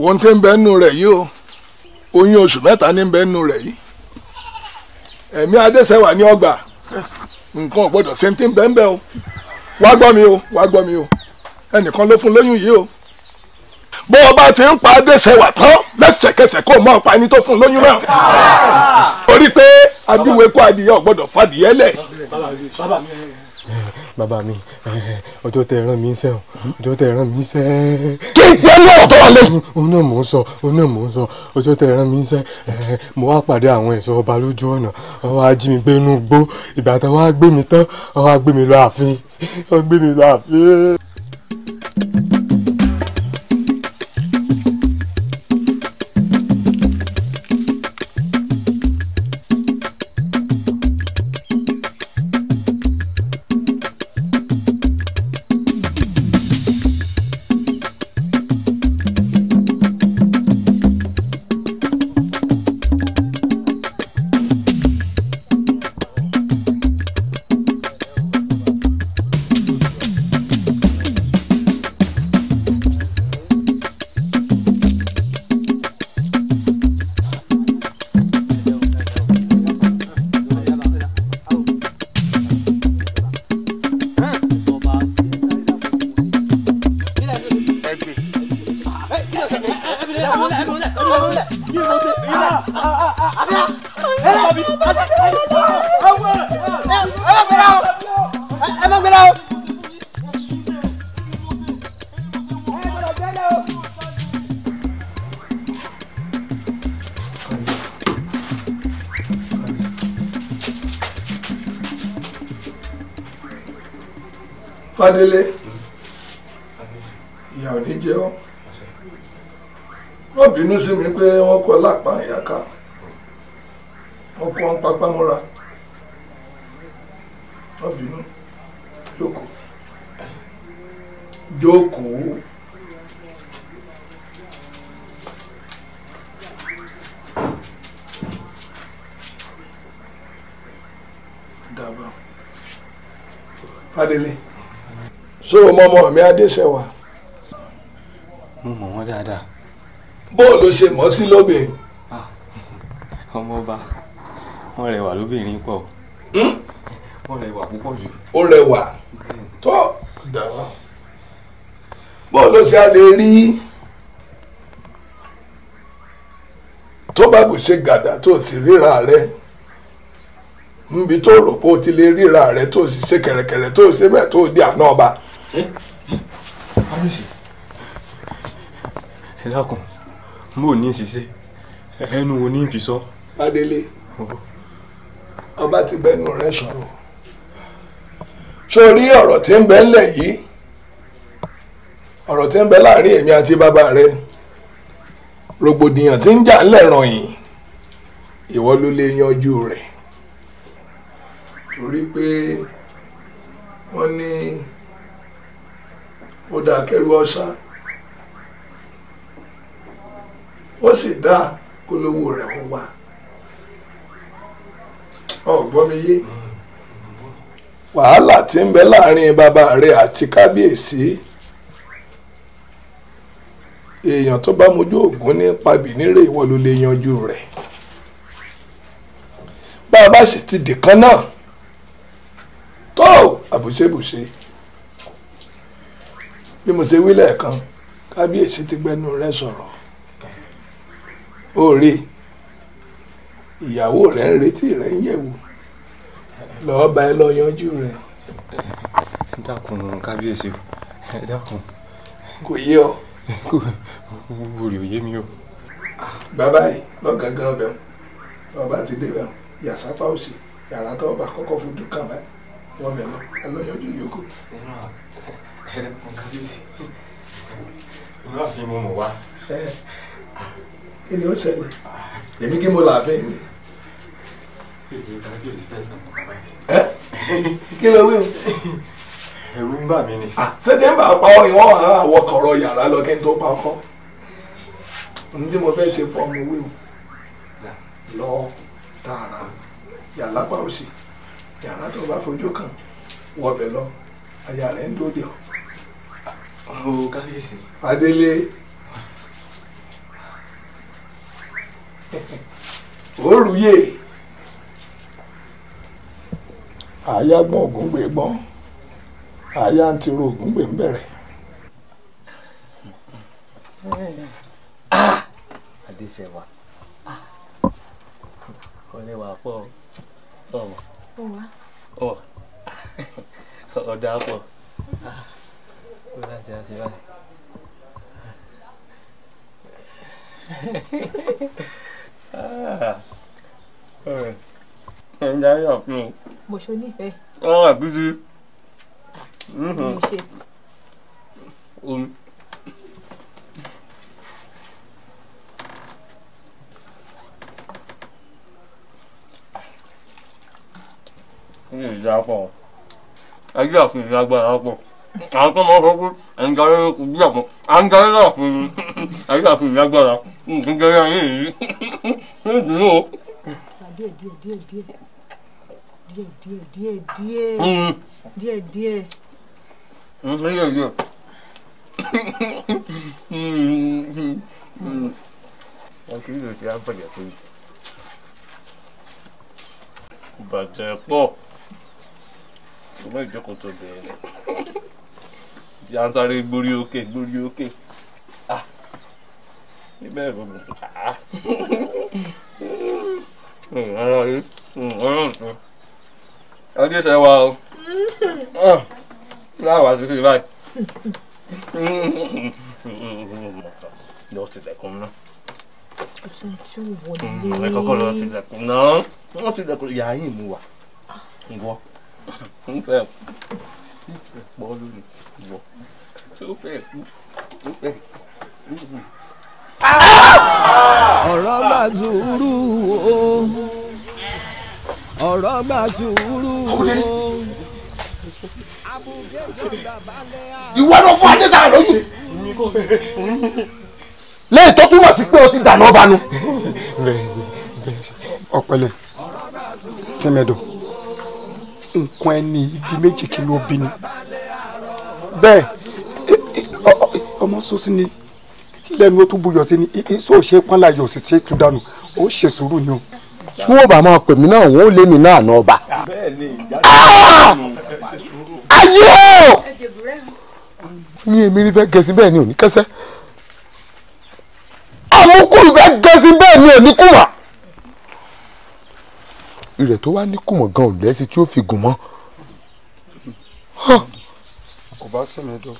wọn ti ń bẹ nù rẹ̀ yìí o oyún oṣù mẹ́ta ní ń bẹ nù rẹ̀ yìí ẹ̀mí adéṣẹ́wà ní ọgbà nǹkan ọ̀gbọ́dọ̀ ṣe ń ti ń bẹ ń bẹ o wá gbọ́ mi o wá gbọ́ mi o ẹnìkan ló fún lóyún yìí o bó o bá ti ń pa adéṣẹ́wà tán lẹ́sẹ̀kẹsẹ̀ kó o mọ̀ pa ẹni tó fún lóyún náà torí pé abíwèé adìyẹ ọ̀gbọ́dọ̀ fadìyẹ bàbá mi [LAUGHS] ọjọ́ tẹ ẹran mi ń sẹ́wọ̀n ọjọ́ tẹ ẹran mi ń sẹ́. kí n tiẹ̀ ní ọ̀rọ̀ tó wà lẹ́yìn. òun náà mò ń sọ òun náà mò ń sọ ọjọ́ tẹ ẹran mi ń sẹ́ [LAUGHS] mo wá pàdé àwọn ẹ̀ṣọ́ ọba lójú ọ̀nà wọ́n wá mi gbé inú igbó ìgbà tó wá gbé mi tán wọ́n wá mi lọ ààfin böyle mọ ọmọ mi adéṣẹwà. mo mọ̀ wọ́n dáadáa. bó o ló ṣe mọ̀ sí lóbe. Ah, ọmọọba wọn rẹwà lóbìnrin pọ̀. Hmm? wọn rẹwà púpọ̀ jù. ó rẹwà tó dáná. bó ṣe a lè rí tó bá kò ṣe gàdá tó sì ríra rẹ níbi tó rò pé o ti lè ríra rẹ tó sì ṣe kẹ̀rẹ̀kẹ̀rẹ̀ tó ṣe bẹ́ẹ̀ tó di àná ọba ẹ dákun n ní wo ọba ti bẹnu ọ̀rọ̀ ti bẹ lẹ̀ yìí ọ̀rọ̀ tí n bẹ láàrin èmi àti bàbá rẹ̀, rògbòdìyàn tí n jà ńlẹ̀ ràn yìí yanjú rẹ̀ ó kẹrù sì dá kó lówó rẹ̀ wọ́n wà ọ̀gbọ́n mi yé wàhálà tí ń bẹ láàrin bàbá rẹ̀ àti kábíyèsí èèyàn tó bá mojú ògún ní pabìnírè ìwọ ló lè yanjú rẹ̀ bá a bá sì ti dìkan náà tó àbùṣebùṣe bí mo ṣe wí lẹ́ẹ̀kan kábíyèsí ti gbẹnu rẹ̀ sọ̀rọ̀ òòrè ìyàwó rẹ̀ ń retí rẹ̀ ń yẹ̀wò lọ́ọ́ bá ẹ lọ yanjú rẹ̀. ẹ dákun kábíyèsí o ẹ dákun. kò yé ọ. gbogbo rẹ̀ ò yé mi o. bàbá yìí lọ́gàngán ọbẹ̀ ọba ti dé bẹ́ẹ̀ yàsápá òsì yàrá tó ọba kọ́kọ́ fún dúkà báyìí wọ́n bẹ̀ lọ ẹ lọ yanjú yòókù. ẹ dákun kábíyèsí ìlú àfihàn mọ̀ wá kí ni ó ṣẹlẹ̀ èmi kí mo làáfẹ́ mi. ẹ kí ló wí o. ẹ̀rù ń bà mí ni. ṣé tí ń bá pa ọ ìwọ́n àwọn kọ̀ọ̀rọ̀ yàrá lọ kí n tó pa ọkọ ní tí mo fẹ́ ṣe fọ́ ọmọ wíwù lọ tààrà yàrá pa òsì yàrá tó bá fojú kàn wọbẹ̀ lọ àyà rẹ̀ ń dòde ọ. ọ̀hún káyọ̀sí. Adélé. òrùyè àyágbọ́n ògúngbè gbọ́n àyà ń tiro ògúngbè ń bẹ̀rẹ̀. Ah! adéṣẹ́wà ọlẹ́wà pọ̀ ọmọ ọ̀dà pọ̀ ó láti àṣẹ báyìí ẹ ń darí o. mo ṣe onífẹ̀ẹ́. wọ́n wà gidi. mo ṣe. omi. Mhm. Um. ní ìjà pọ̀ ẹgbẹ́ àfihàn ìyá agbára pọ̀ àwọn tó máa ń sọ pé ẹ̀ ń darí ọkùnrin bí ń darí ọkùnrin ẹgbẹ́ àfihàn ìyá agbára nǹkan jẹ́ ayé yìí ṣé ìdùnnú o. díẹ̀ díẹ̀ díẹ̀ díẹ̀ díẹ̀ díẹ̀ díẹ̀ díẹ̀ díẹ̀ díẹ̀. nǹkan díẹ̀ díẹ̀. ọkùnrin yìí ló ti á bàjẹ́ pé bàjẹ́ pọ̀ ṣùgbọ́n ìjókòó tó bẹ̀rẹ̀ di ansáré gbórí òkè gbórí òkè ibẹ̀ bọ̀ bọ̀ ṣáà ọ̀rọ̀ yìí ọ̀rọ̀ ọ̀tún ọdún ṣe wá o láwa ṣe ṣe báyìí lọ tilẹ̀kùn náà ẹ kọ́kọ́ lọ tilẹ̀kùn náà wọ́n tilẹ̀kùn yàrá yìí mú wa wọ́ n fẹ́ pọ́ lónìí wọ́ tó fẹ́ tó fẹ́ ọ̀rọ̀ gbà sùúrù o ọ̀rọ̀ gbà sùúrù o. ìwọ ló fún adé sára lóṣù. lẹ́yìn tó túmọ̀ sí pé o ti dànù ọba nu. ọ̀pẹ̀lẹ̀ kẹmẹdọ nǹkan ẹni igi méjì kí ló bí bẹ́ẹ̀ ọmọ sosi ni lẹ́nu ó tún buyọ̀ sí ni iṣẹ́ òṣè pọ́nlá yóò sì ṣe tún dànù ó ṣe sùúrù ni o. tí wọ́n bá máa pè mí náà wọ́n ó lé mi náà ná ọba. Ah! ayé o ní èmi rí fẹ́ gẹ̀ẹ́sì bẹ́ẹ̀ ni ò ní kẹsẹ́ àmúkùrù fẹ́ gẹ̀ẹ́sì bẹ́ẹ̀ ni ò ní kùmà. ìrẹ̀ tó wá ní kùmọ̀ gan-an lẹ́sìn tí ó fi gùn mọ́. kò bá sí mi dùn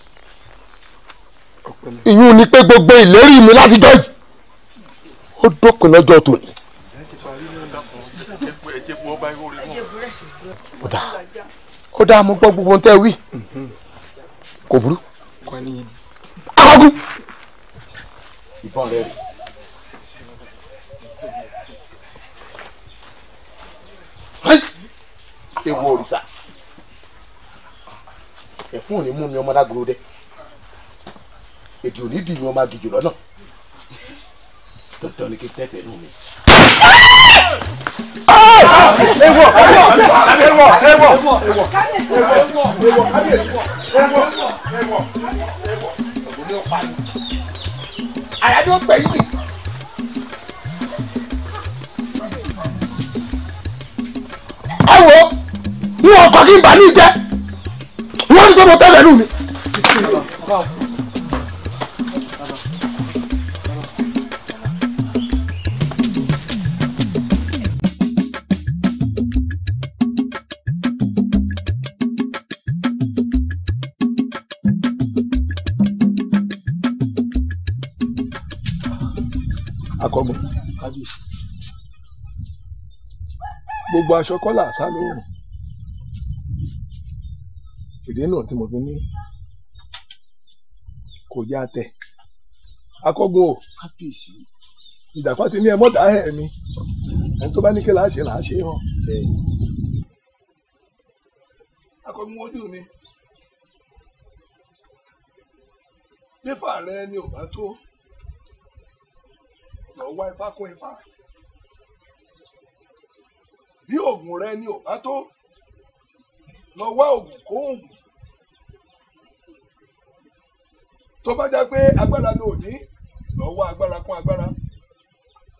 ìyún ni pé gbogbo ìlérí mi látijọ́ yìí ó dópin lọ́jọ́ tòní. ó dáa ó dáa mo gbọ́ gbogbo ohun tẹ́ ẹ wí kò burú. akọ́kú. ìbọn rẹ rè. ewu òrìṣà ẹ̀fún ò ní mú mi ọmọdé agolo dẹ́ èdè onídìí ni wọn máa gidi lọ́nà dandan ni kí n tẹ́tẹ̀ẹ́ nù mí. ewọ ewọ ewọ ewọ ewọ ewọ ewọ ewọ ewọ ewọ àyájọ́ pẹ̀ yìí. ẹ wo n ò kọ́ kí n bà ní jẹ́ wọ́n ń gbọ́ mo tẹ́lẹ̀ nù mí. akọgun kábíyèsí gbogbo aṣọ kọ́là àṣà lóòrùn ìdí náà tí mo fi ní kò já tẹ akọgun o kábíyèsí ìjàpá ti ní ẹ mọ́tà ẹ̀ mi ẹni tó bá ní kí là á ṣe là á ṣe hàn. akọgun ojú mi nífà rẹ ni ò bá tó tó ń wá ifá kún ifá bí oògùn rẹ ni ò bá tó lọ wá oògùn kó oògùn tó bá jẹ́ pé agbára ló ní lọ wá agbára kún agbára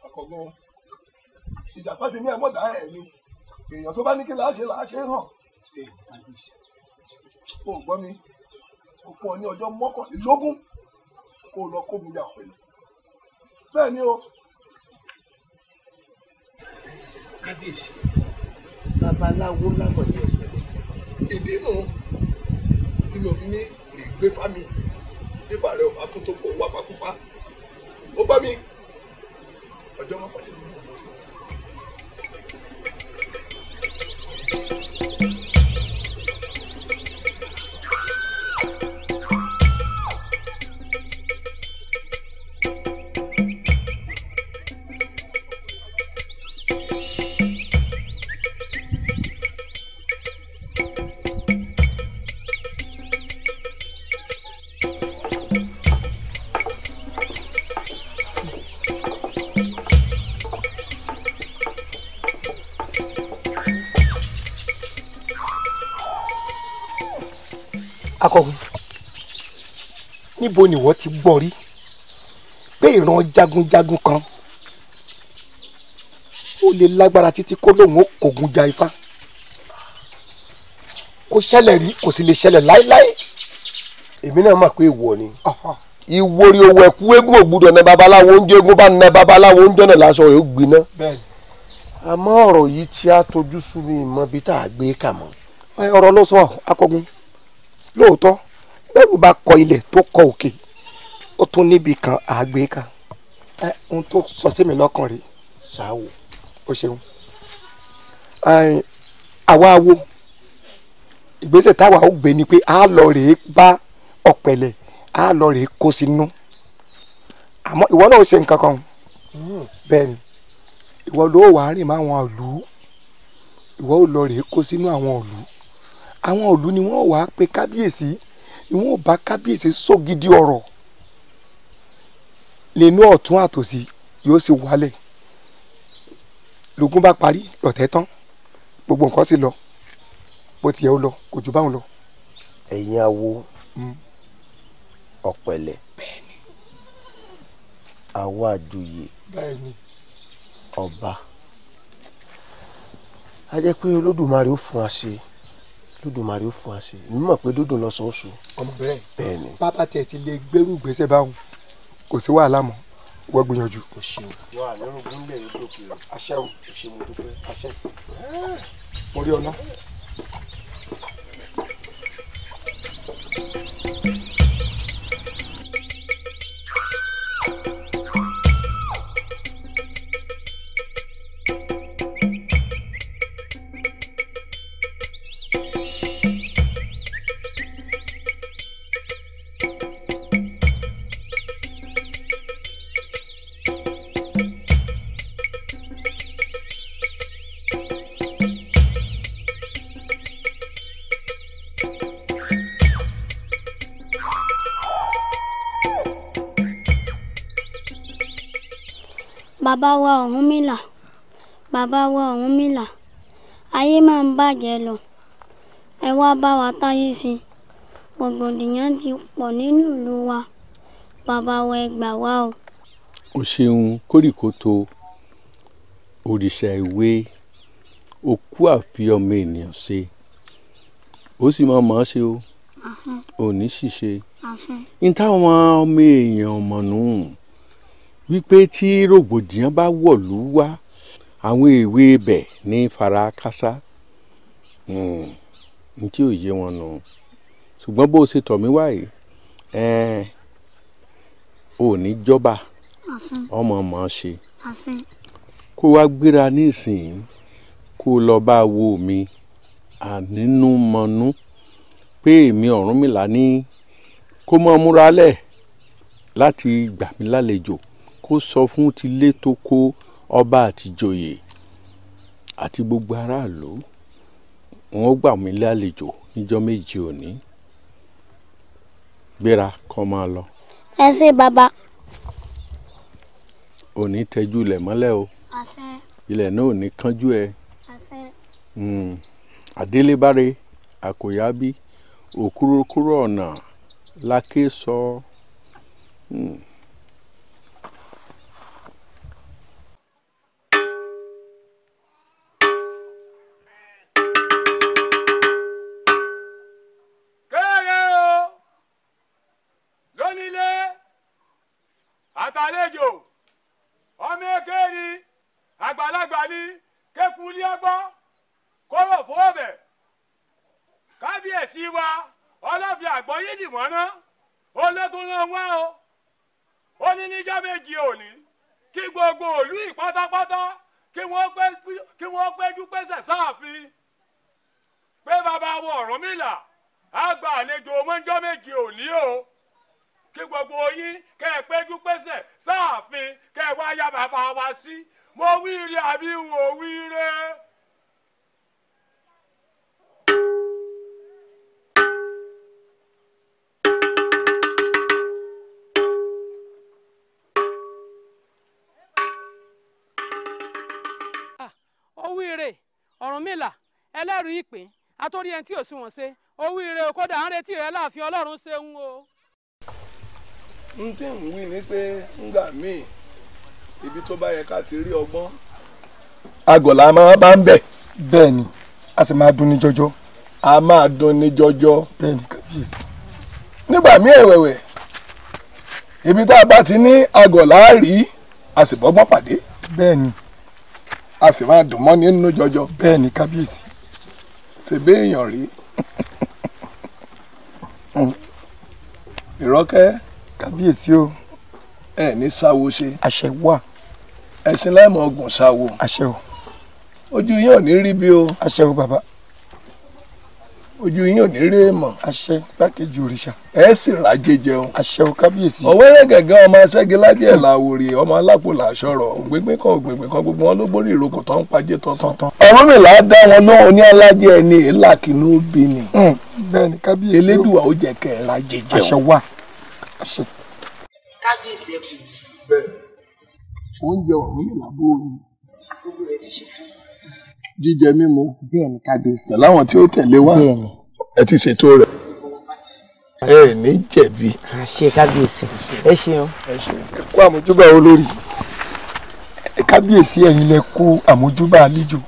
àkọ́gbọ́n ìjàpá ti ní ẹmọdà ẹ ni èèyàn tó bá ní kí láṣẹ láṣẹ hàn èèyàn ò gbọ́ mi o fún ọ ní ọjọ́ mọ́kànlélógún kó lọ kó bujà pẹ̀lú bẹ́ẹ̀ ni o. kábíyèsí babaláwo lágbọ̀dẹ ìdí nù tí mo fi ní ìgbé fámi nípa rẹ ò bá kún tó kó wá fakúfa ó bá mi ọjọ́ wọn níbo ni wọ́n ti gbọ́ rí pé ìran jagunjagun kan ó lè lágbára títí kó lóun ó kógun ja ifá kó ṣẹlẹ̀ rí kò sì lè ṣẹlẹ̀ láéláé èmi náà mọ̀ pé ìwọ ni ìwòrì òwò ẹ̀kú eégún ògbúdọ̀ ní babaláwo oúnjẹ eégún bá ní babaláwo oúnjẹ náà láṣọ rẹ̀ gbiná. àmọ́ ọ̀rọ̀ yìí tí a tojú sú mi mọ́ bí tá a gbé kà mọ́ ọ̀rọ̀ ló sọ akọgun lóòótọ́ tẹ́rù bá kọ ilẹ̀ tó kọ òkè ó tún níbi kan àgbé kan ẹ ohun tó sọ sí mi lọ́kàn rèé ṣáàwò ó ṣeun àwa awo ìgbésẹ̀ táwa ó gbé ni pé a lọ rèé bá ọ̀pẹ̀lẹ̀ a lọ rèé kó sínú àmọ́ ìwọ náà ó ṣe nǹkan kan hmm. bẹ́ẹ̀ ni ìwọ ló wà á rìn mọ́ àwọn ìlú ìwọ ó lọ rèé kó sínú àwọn ìlú àwọn ìlú ni wọ́n wà á pe kábíyèsí. Si ìwọ́n bá kábíyèsí sógidì ọ̀rọ̀ lẹ́nu ọ̀tún àtòsí yóò sì wálẹ̀ lógún bá parí lọ̀tẹ̀ tán gbogbo nǹkan sì lọ bó ti yẹ ó lọ kò jù báwọn lọ. ẹ̀yin awo hmm. ọ̀pẹ̀lẹ̀ àwa àjòyè ọba a jẹ́ pé olódùmarè ó fún wa ṣe lódùmarè ó fún wa sí i mímọ̀ pé dúdùn lọ́sọ̀ọ́sọ. ọmọbìnrin bẹ́ẹ̀ ni bàbá tiẹ̀ ti lè gbẹ́rù gbèsè báwọn kò sí wàhálà mọ́ wọ́n gbìyànjú. o ṣeun wà lẹ́rù gbẹ́ngbẹ́ yóò dókè o. aṣẹ́ o ṣe mo dúpẹ́ aṣẹ́ mo rí ọ náà. bàbá wa Ọ̀rúnmìlà bàbá wa Ọ̀rúnmìlà ayé máa ń bàjẹ́ lọ ẹ wá bá wa táyé ṣe rògbòdìyàn ti pọ̀ nínú ìlú wa bàbá wa ẹ gbà wá o. o ṣeun kórìkòtò òrìṣà ìwé òkú àfi ọmọ ènìyàn ṣe ó sì máa mọ̀ ṣe o òní ṣìṣe ní táwọn ọmọ èèyàn mọ̀nù wípé tí rògbòdìyàn bá wọ̀lú wá àwọn èwe ibẹ̀ ní fara kásá hmm, n tí ò yé wọn nù ṣùgbọ́n bó o ṣe tọ̀ mí wáyé ò ní jọba ọmọ mọ̀ ọ́ ṣe kó wá gbéra nísìnyí kó lọ bá wo mi ànínúmọnú pé èmi Ọ̀rúnmìlà ní kó mọ́ múra lẹ̀ láti gbà mí lálejò kó sọ fún tilé tó kó ọba àtìjòyè àti gbogbo aráàlú wọn ó gbà mí lálejò níjọ́ méje òní gbéra kó máa lọ. ẹ ṣe bàbá. òní tẹjú ilẹ̀ mọ́lẹ̀ o ilẹ̀ náà ò ní kánjú ẹ àṣẹ. Hmm. àkòyábí òkúròkúrò ọ̀nà lákè sọ. So. Mm. méje òní kí gbogbo òlú ìpátápátá kí wọ́n péjú pésẹ̀ sáàfin pé bàbá wọ Ọ̀rúnmìlà á gba àlejò mọ́jọ́ méje òní o kí gbogbo yín kẹ́ ẹ péjú pésẹ̀ sáàfin kẹ́ ẹ wá yá bàbá wa sí mo wí ire àbí wò wí ire. ọ̀rúnmìlà ẹlẹ́rìí ìpín àtòrí ẹni tí ò sí wọn ṣe owó ire o kódà ń retí rẹ láàfin ọlọ́run ṣeun o. n tí ń wí ni pé ngbà míì ibi tó bá yẹ ká ti rí ọgbọ́n agọ̀lá máa bá ń bẹ̀. bẹ́ẹ̀ a sì máa dùn ní jọjọ. a máa dùn ní jọjọ. bẹ́ẹ̀ ni kábíyèsí. nígbà míì ẹ̀wẹ̀wẹ̀ ibi tá a bá ti ní agọ̀lá rí a sì bọ́gbọ́n pàdé. bẹ́ẹ̀ a sì máa dùn mọ́ nínú jọjọ. bẹ́ẹ̀ ni kábíyèsí. ṣe béèyàn rí. ìrọ́kẹ́. kábíyèsí o. ẹ ní sáwo ṣe. àṣẹ wà. ẹ̀sìn láìmọ̀ ọgbọ̀n sáwo. àṣẹ o. ojú yín ní rí bí o. àṣẹ o bàbá ojú yín ò ní rè mọ. àṣẹ gbàkejì òrìṣà. ẹ sì rájẹ jẹun. àṣẹ o kábíyèsí. ọ̀wẹ́rẹ́ gẹ̀gẹ́ ọmọ aṣẹ́gi lájẹ̀ làwòrè ọmọ alápò làṣọrọ̀ ògbégbé kan ògbégbé kan gbogbo wọn ló borí ìrókò tó ń pajé tọ̀tàn. ọ̀rọ̀ mi là á dá wọn lóhùn oní alájẹ ẹni èélà kìnnú bí ni. Hmm, bẹ́ẹ̀ni kábíyèsí. elédùà ó jẹ kẹ rájẹ jẹun. àṣẹ wà àṣẹ. kábíyèsí ẹ kù. bẹ́ẹ̀ oúnjẹ ọ̀hún jíjẹ mímu. bẹ́ẹ̀ni kábíyèsí. pẹ̀lú àwọn tí ó tẹ̀lé wa ẹ ti ṣètò rẹ̀. ẹ ẹ ní jẹ̀bi. àṣẹ kábíyèsí ẹ ṣeun. ẹ ṣeun ẹ kú àmójúbà olórí kábíyèsí ẹ̀yin lẹ kú àmójúbà àlejò.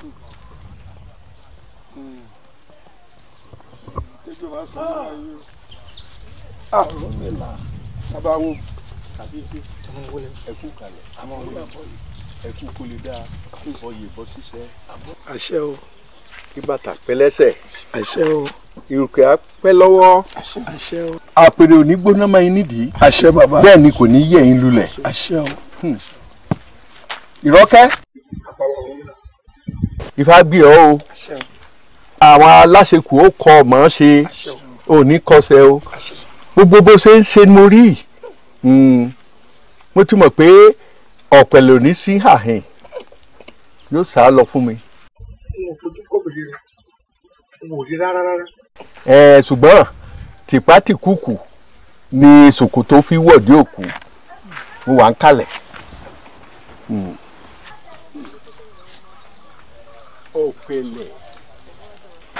ẹ kú kalẹ̀ ẹ kú kó dáa kò bọ yìnbọn ṣiṣẹ́. àṣẹ o. kí bàtà pẹ́ lẹ́sẹ̀. àṣẹ o. ìrùkẹ́ á pẹ́ lọ́wọ́. àṣẹ o. àpèrè ò ní gbóná máa yín nídìí. àṣẹ bàbá. bẹ́ẹ̀ ni kò ní yẹ̀ yín lulẹ̀. àṣẹ o. Hmm. ìrọ́kẹ́. ìfá gbé ọ o. àwọn aláṣekù ó kọ ọmọ ṣe ò ní kọsẹ̀ o. gbogbo bó ṣe ń ṣe mo rí. Hmm. mo ti pé ọ̀pẹ̀lẹ̀ ò ní sí àhìn yóò sá lọ fún mi. n ò fojú kọ́bìrì rẹ̀ n ò rí rárá rárá. ẹ ṣùgbọ́n tìpátìkùkù ni ṣòkòtò fi wọ̀dí òkú mo wà ń kalẹ̀. Hmm. òpèlè.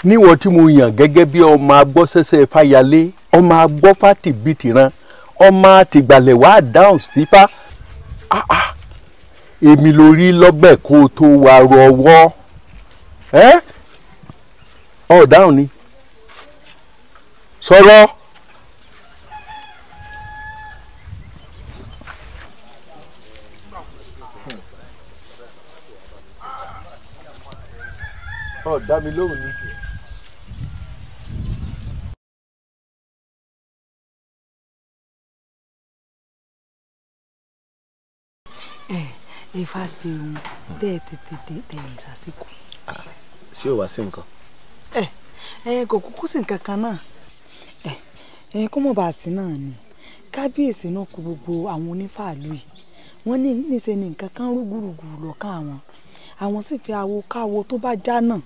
níwọ̀n tí mo yàn gẹ́gẹ́ bí ọmọ agbọ́sẹ́sẹ́ fáyalé ọmọ agbọ́fà tìbìtìran ọmọ àtìgbàlẹ̀ wàá dáhùn sífà. Ah, ah èmi lórí lọ́bẹ̀ kó o tó wà rọwọ́ ẹ́ ọ̀ dáhùn ni sọ̀rọ̀. ọ̀ dá mi lóhùn ni. ifá ṣe òun tẹ́ ẹ tètè dé tẹ̀yìn sásìkò. Ah, ṣé o wá sí nǹkan. ẹ eh, ẹ eh, kò kúkú sí nǹkan kan náà ẹ eh, ẹ kó mọ̀ bá a sí náà ni kábíyèsí náà kó gbogbo àwọn onífàálù yìí wọ́n ní níṣe ni nǹkan kan rúgùrùgù lọ́kàn àwọn àwọn sì fi awo káwo tó bá já náà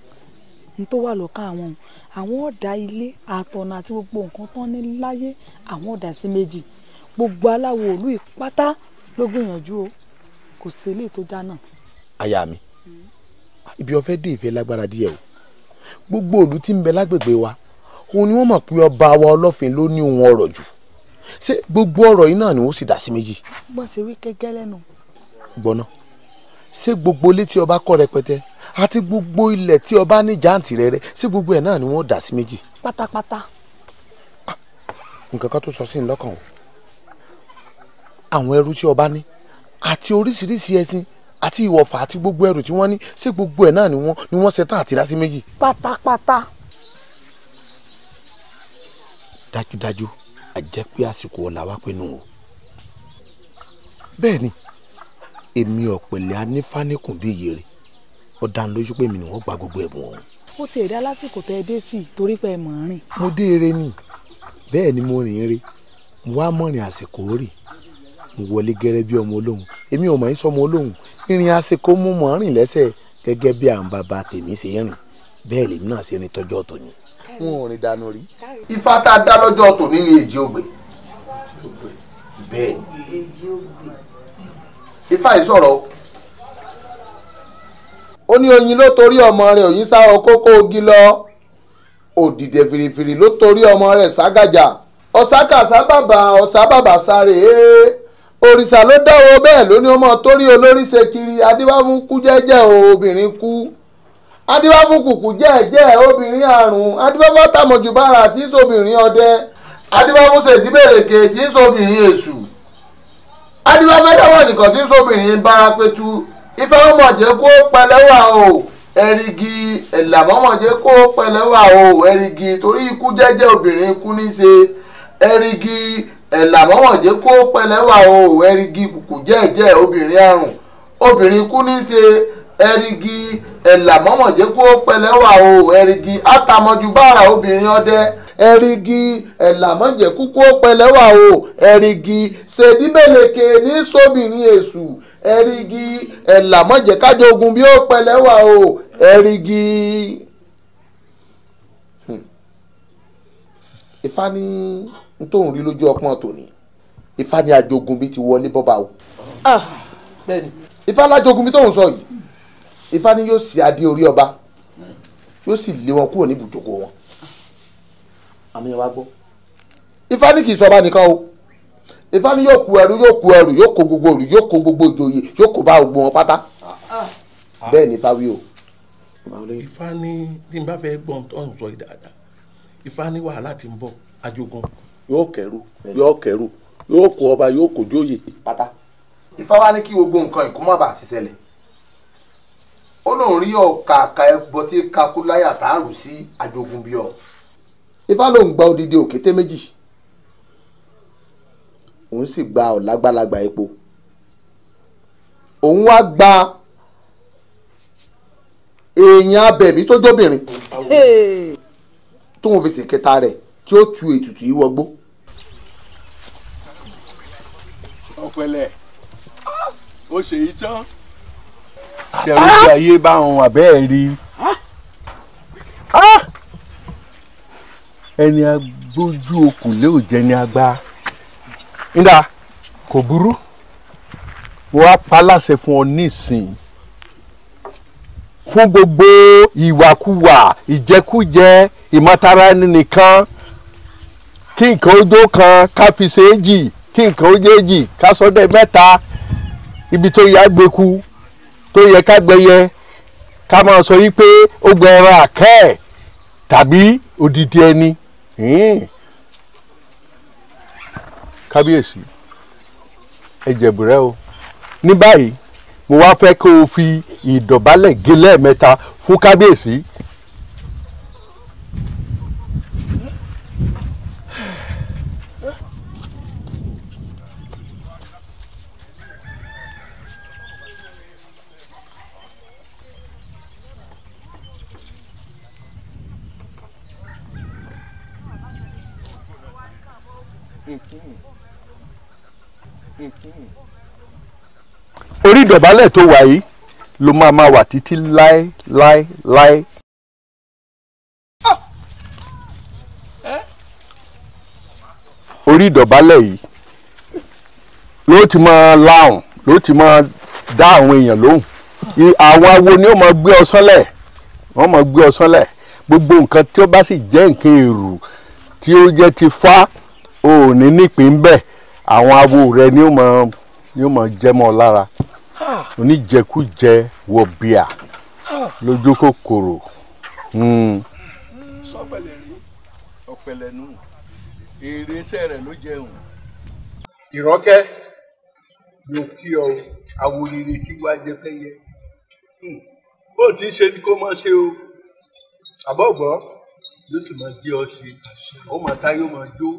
ní tó wà lọ́kàn àwọn àwọn ọ̀dà ilé àtọ̀nà àti gbogbo nǹkan tán ní láyé àwọn ọ̀dà sí méjì gbogbo aláwo òlú ìpátá ló gbìyànjú o kò sí eléyìí tó já náà. aya mi hmm. ibi ọfẹ dé ìfẹ́ lágbára díẹ̀ o gbogbo òlu tí ń bẹ lágbègbè wa òun ni wọ́n mọ̀ pé ọba wa ọlọ́fin ló ní ohun ọ̀rọ̀ jù ṣé gbogbo ọ̀rọ̀ yìí náà ni wọ́n sì dá sí méjì. bó ṣe wí kẹ́kẹ́ lẹ́nu. gbọ́nà ṣé gbogbo ilé tí ọba kọ́ rẹpẹtẹ àti gbogbo ilẹ̀ tí ọba ní jàǹtì rẹ̀rẹ̀ ṣé gbogbo ẹ̀ náà ni wọ́n dá sí méjì. pátápátá. Ah, nǹkan kan tó sọ sí ni lọ́kàn o àwọn ẹrú tí ọba ní àti oríṣiríṣi ẹṣin àti ìwọ̀fà àti gbogbo ẹrù tí wọ́n ní ṣé gbogbo ẹ̀ náà ni wọ́n ni wọ́n ṣetán àti rásí méjì. pátápátá. dájúdájú àjẹ́ pé àsìkò ọ̀la wá pinnu o. bẹ́ẹ̀ ni èmi ọ̀pẹ̀lẹ̀ anífáníkùn bíi yèrè ó dá lójú pé mi ni wọ́n gba gbogbo ẹ̀bùn ọ̀hún. ó ti ẹ̀dá lásìkò tẹ́ ẹ dé sí i torí pé ẹ mọ̀ ọ́n rìn. mo dé eré ni bẹ́ẹ̀ ni mo rìn eré mo wá mọ̀rìn àsìkò rìn mo wọlé gẹ́rẹ́ bí ọmọ olóhùn èmi ò mọ̀ ní sọmọ olóhùn ìrìn àsìkò mú mọ̀ rìn lẹ́sẹ̀ gẹ́gẹ́ bí àwọn bàbá tèmi ṣe rìn bẹ́ẹ̀ lèmi náà ṣe rìn tọ́jọ́ tòní. wọn ò rìn dànù rí. ifá tá a dá lọ́jọ́ tòní ni èjì ògbè. bẹ́ẹ̀ ni ifá yìí sọ̀rọ̀ o ó ní oyin ló torí ọmọ rẹ̀ oyin sá ọkókó ogi lọ òdìdẹ fìrìfìrì ló torí ọmọ rẹ̀ ságàjà ọ̀sákàsá bàbà ọ̀sá sáré òrìṣà ló dáwọ́ bẹ́ẹ̀ ló ọmọ torí olórí ṣe kiri adébáfún kú jẹ́jẹ́ obìnrin kú adébáfún kùkù jẹ́ẹ̀jẹ́ obìnrin àrùn adébáfún tàmọ̀jù bára tí ń sobìnrin ọdẹ adébáfún ke tí ń sobìnrin èṣù adébáfún dáwọ́ nìkan tí ń sobìnrin bárapetu ifá ọmọdé kó pẹlẹ́wà o erigi ẹ̀làmọ́mọdé kó pẹlẹ́wà o erigi torí ikú jẹ́jẹ́ obìnrin kú ní ṣe ẹ̀là mọ́mọ̀jẹ́ kó pẹlẹ́wà o ẹ̀rìgì kùkù jẹ́ẹ̀jẹ́ obìnrin àrùn obìnrin kú ní ṣe ẹ̀rìgì ẹ̀là mọ́mọ̀jẹ́ kó pẹlẹ́wà o ẹ̀rìgì àtàmọ́jú bára obìnrin ọdẹ ẹ̀rìgì ẹ̀là pẹlẹ́wà o ẹ̀rìgì ṣèdíbèlèkè ní sóbìnrin èṣù bí ó pẹlẹ́wà o ẹ̀rìgì. Hmm. nítòun rí lójú ọpọ́n tòní ifá ní ajogunbi ti wọlé bọ́ba o. Ah. ifá lájogunbi tóun sọ yìí ifá ní yóò sì adé orí ọba yóò sì lé wọn kúrò ní ibùjókòó wọn àmì wa gbọ́. ifá ní kì í sọba nìkan o ifá ní yóò ku ẹrú yóò ku ẹrú yóò kó gbogbo ẹrú yóò kó gbogbo ìjòyè yóò kó bá gbogbo wọn pátá ah. Ah. bẹ́ẹ̀ ni ifá wí o. ifá ní bí n bá fẹ́ gbọ́n tó ń sọ yìí dáadáa ifá ní wàhálà ti ń bọ̀ ajogun yóò kẹrù yóò kẹrù yóò kó ọba yóò kó jóyè. pátá Ifá wá ní kí gbogbo nǹkan ìkó má bàa ti ṣẹlẹ̀ ó lóun rí ọ̀ka àka ẹbọ tí kakúláyà tá a rù sí àjogún bíọ́. Ifá ló ń gba odidi òkété méjì òun sì gba ọ̀làgbàlagbà epo òun wá gba èèyàn abẹ̀mí tó jóbìnrin tóun fi sì kẹta rẹ̀ tí ó tu ètùtù yìí wọgbó. ọ̀pẹ̀lẹ̀ ó ṣe yí tán. ṣẹ̀rù ah! tí ayé bá wọn àbẹ́ ẹ̀ rí ah! ẹni agbójú okùn lé òjẹ́ ni agbá nígbà kò burú wọ́n á pa láṣẹ fún ọ nísìnyí fún gbogbo ìwàkuwà ìjẹkújẹ ìmọ̀tara ẹni nìkan kí nǹkan ó kan ká fi ṣe é jì kí nǹkan ó yéèjì kásọdẹ mẹ́ta ibi tó yá gbẹku tó yẹ ká gbẹyẹ ká máa sọ yí pé ó gbẹ ẹran àkẹ́ tàbí odidi ẹni hmm. kábíyèsí ẹjẹ̀bù rẹ o ní báyìí mo wá fẹ́ kó o fi ìdọ̀bálẹ̀ gé lẹ́ẹ̀mẹ́ta fún kábíyèsí orí ìdọ̀bálẹ̀ tó wà yìí ló máa máa wà títí láé láé láé. orí ìdọ̀bálẹ̀ yìí ló ti máa láhùn ló ti máa dá àwọn èèyàn lóhùn àwọn awo ni ó máa gbé ọ sánlẹ̀ wọ́n máa gbé ọ sánlẹ̀ gbogbo nǹkan tí ó bá sì jẹ́ nǹkan èrò tí ó jẹ́ ti fá òní nípìn bẹ́ẹ̀ àwọn awo rẹ ni ó máa jẹ́ mọ́ ọ lára oníjẹkújẹ wọ bíà lójú kòkòrò. Hmm. sọ́pẹ̀lẹ̀ rí ọ̀pẹ̀lẹ̀ nù èrè iṣẹ́ rẹ̀ ló jẹun. ìrọ́kẹ́ ló kí ọ awòrìrì tí wàá jẹ fẹ́yẹ hmm. bó ti ń ṣe ni kó máa ṣe o àbọ̀ gbọ́ yóò sì máa jẹ́ ọ ṣe ó máa ta yóò máa jó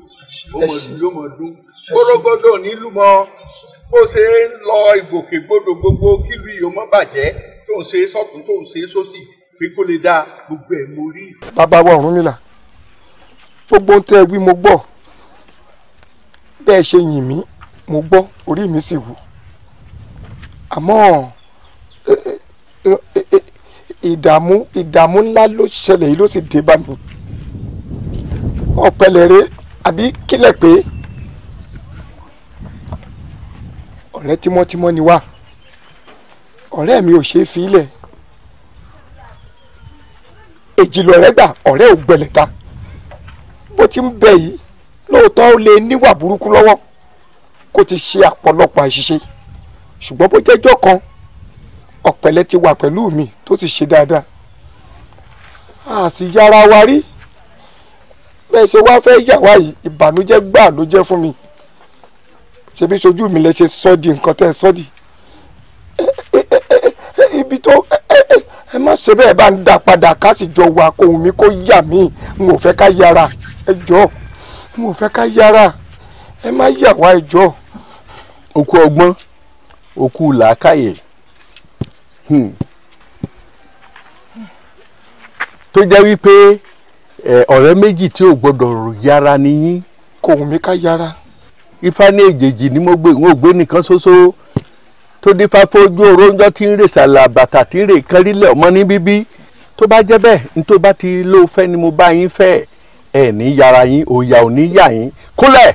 ó máa yóò máa dún gbọ́dọ̀gbọ́dọ̀ nílùú mọ́ bó ṣe ń lọ ìgbòkègbodò gbogbo kílù yìí ó mọ́ bàjẹ́ tó ń ṣe sọ́tún tó ń ṣe sósì pé kó lè dáa gbogbo ẹ̀ mo rí. bàbá wa Ọ̀rúnmìlà gbogbo ohun tẹ́ ẹ wí mo gbọ́ bẹ́ẹ̀ ṣe yìn mí mo gbọ́ orí mi sì wú àmọ́ ìdààmú ìdààmú ńlá ló ṣẹlẹ̀ yìí ló sì dé bá mi ọ̀pẹ̀lẹ̀ rẹ àbí kílẹ̀ pé. ọ̀rẹ́ tímọ́tímọ́ ni wá ọ̀rẹ́ mi ò ṣe é fi ilẹ̀ èjì lọ̀rẹ́ gbà ọ̀rẹ́ ò gbẹ̀lẹ̀ ta bó ti ń bẹ yìí lóòótọ́ ó lè níwà burúkú lọ́wọ́ kó ti ṣe àpọ̀lọpọ̀ àṣìṣe ṣùgbọ́n bó jẹ́jọ́ kan ọ̀pẹ̀lẹ̀ ti wà pẹ̀lú mi tó sì ṣe dáadáa a sì yára wa rí bẹ́ẹ̀ ṣe wá fẹ́ yà wá yìí ìbànújẹ́ gbà ló jẹ́ fún mi ṣebí ṣojú mi lẹ ṣe sọ́ọ̀dì nǹkan tẹ́ ẹ sọ́ọ̀dì ibi tó ẹ má ṣe bẹ́ẹ̀ bá ń dá padà ká sì jọ wà kó wù mí kó yà mí n ò fẹ́ ká yára ẹ n ò fẹ́ ká yára ẹ má yà wá ẹ jọ. ọgbọ́n òkú làákàyè hmm. tó jẹ́ wípé ọ̀rẹ́ méjì tí ò gbọ́dọ̀ yára nìyí. kò wù ká yára ifá ní èjèèjì ni mo gbé ìwọ̀n ògbé nìkan ṣoṣo tó dífá fojú oróńjọ́ tí ń rè sàlà bàtà tí ń rè kárílẹ̀ ọmọ ní bíbí tó bá jẹ́ bẹ́ẹ̀ ní tó bá ti lóò fẹ́ ni mo bá yín fẹ́ ẹ̀ ní yàrá yín òòyà ò ní yà yín kúnlẹ̀.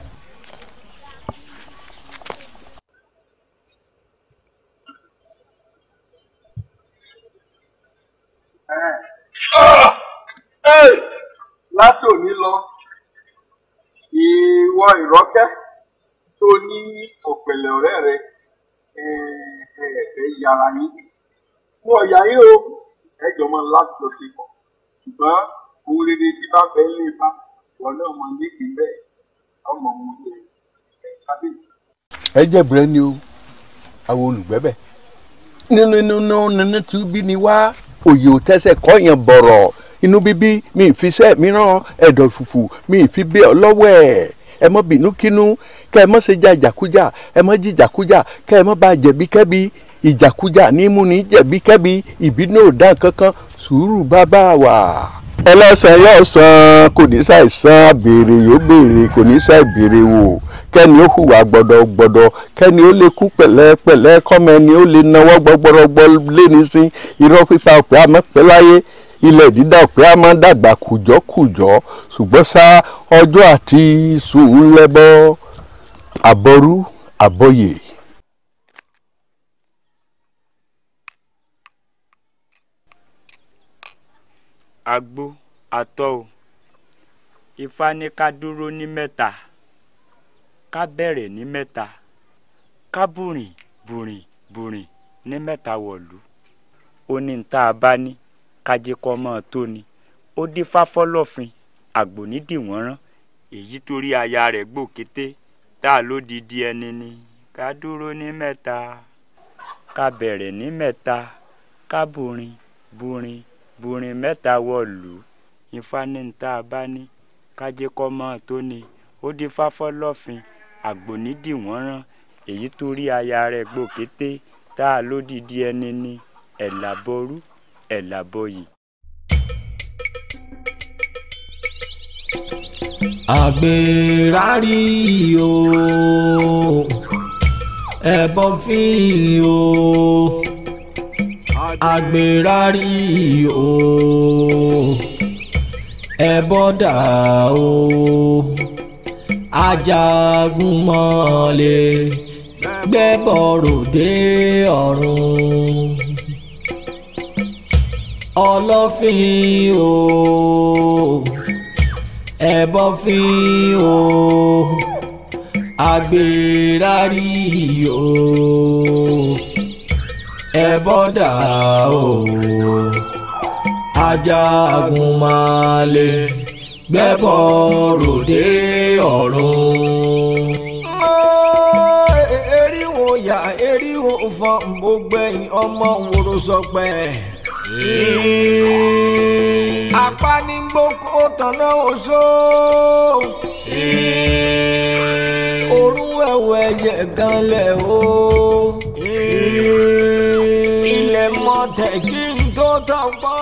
látòní lọ ìwọ ìrọ́ ọ̀pẹ̀lẹ̀ ọ̀rẹ́ rẹ ẹ yàrá yín wọn ọ̀yà yín o ẹ jọ mọ láti lọ sí pọ̀ ṣùgbọ́n owó rere tí bá fẹ́ lè bá wọn náà mọ nídìí bẹ́ẹ̀ ọmọ òun yẹ ẹ sábẹ́. ẹ jẹ́ bẹ̀rẹ̀ ni o àwọn olùgbẹ́bẹ̀ nínú nínú nínú tí bí ni wá òye ò tẹ́sẹ̀ kọ́yàn bọ̀rọ̀ inú bíbí mi ì mìíràn ẹ̀dọ̀ fùfù mi ì bẹ́ẹ̀ ọlọ́wọ́ ẹ̀ ẹ mọ́ bínúkínú kẹ́ ẹ mọ́ ṣe já ìjàkújà ẹ mọ́ jí ìjàkújà kẹ́ ẹ mọ́ bá jẹ̀bíkẹ́bi ìjàkújà ní mú ní jẹ̀bíkẹ́bi ìbínú ò dán kankan sùúrù bàbá wa. ẹlẹ́sẹ̀ yóò san kò ní ṣàìsàn àbèrè yóò béèrè kò ní ṣàìbèrè wò kẹ́ni ó hùwà gbọ́dọ̀gbọ́dọ̀ kẹ́ni ó lè kú pẹ̀lẹ́pẹ̀lẹ́ kọ́mẹ́ni ó lè nawọ́ gbọ́gbọ́rọ́gbọ́ lé ní sí irọ́ fífa ọ̀pẹ́ àmọ́ pẹ́ ilẹ̀ dídà pé a máa ń dàgbà kùjọ́kùjọ́ ṣùgbọ́n ṣá ọjọ́ àti sùúrù àbọ̀rú àbọ̀yè. àgbo àtọ o ifá ní ká dúró ní mẹ́ta ká bẹ̀rẹ̀ ní mẹ́ta ká bùrìn bùrìn bùrìn ní mẹ́ta wọ̀lú ó ní ní tá a bá ní. kájíkọ́ mọ́ ọ tó ni ó dífá fọlọ́fin àgbò nídìí wọ́n rán èyí torí aya rẹ̀ gbòkété tá a ló di di ẹni ni ká dúró ní mẹ́ta ká bẹ̀rẹ̀ ní mẹ́ta ká burin burin burin mẹ́ta wọ̀lú ifá ní ní tá a bá ní kájíkọ́ mọ́ ọ tó ni ó dífá fọlọ́fin àgbò rán èyí torí aya rẹ̀ gbòkété tá a ló di di ẹni ni ẹ̀ làbọrú Ẹ̀làbọ̀yì. àgbèrárì o ẹ̀bọ̀n fi o àgbèrárì o ẹ̀bọ̀dà o ajagun mọ́lẹ̀ gbẹ́bọ̀ròdé ọ̀run ọlọ́fin o ẹ̀bọ̀fin o agbèrárì o ẹ̀bọ̀dà o ajagunmalè gbẹ́bọ̀ ròde ọ̀run. erí wo yà erí wo fọ gbogbo ẹ̀yìn ọmọ wòrò sọpẹ́ apanigboko tanná oṣó orú ẹ̀wọ̀ ẹ̀yẹ ganlẹ̀ o ilẹ̀ mọ̀tẹ̀ kí n tó tán pọ́n.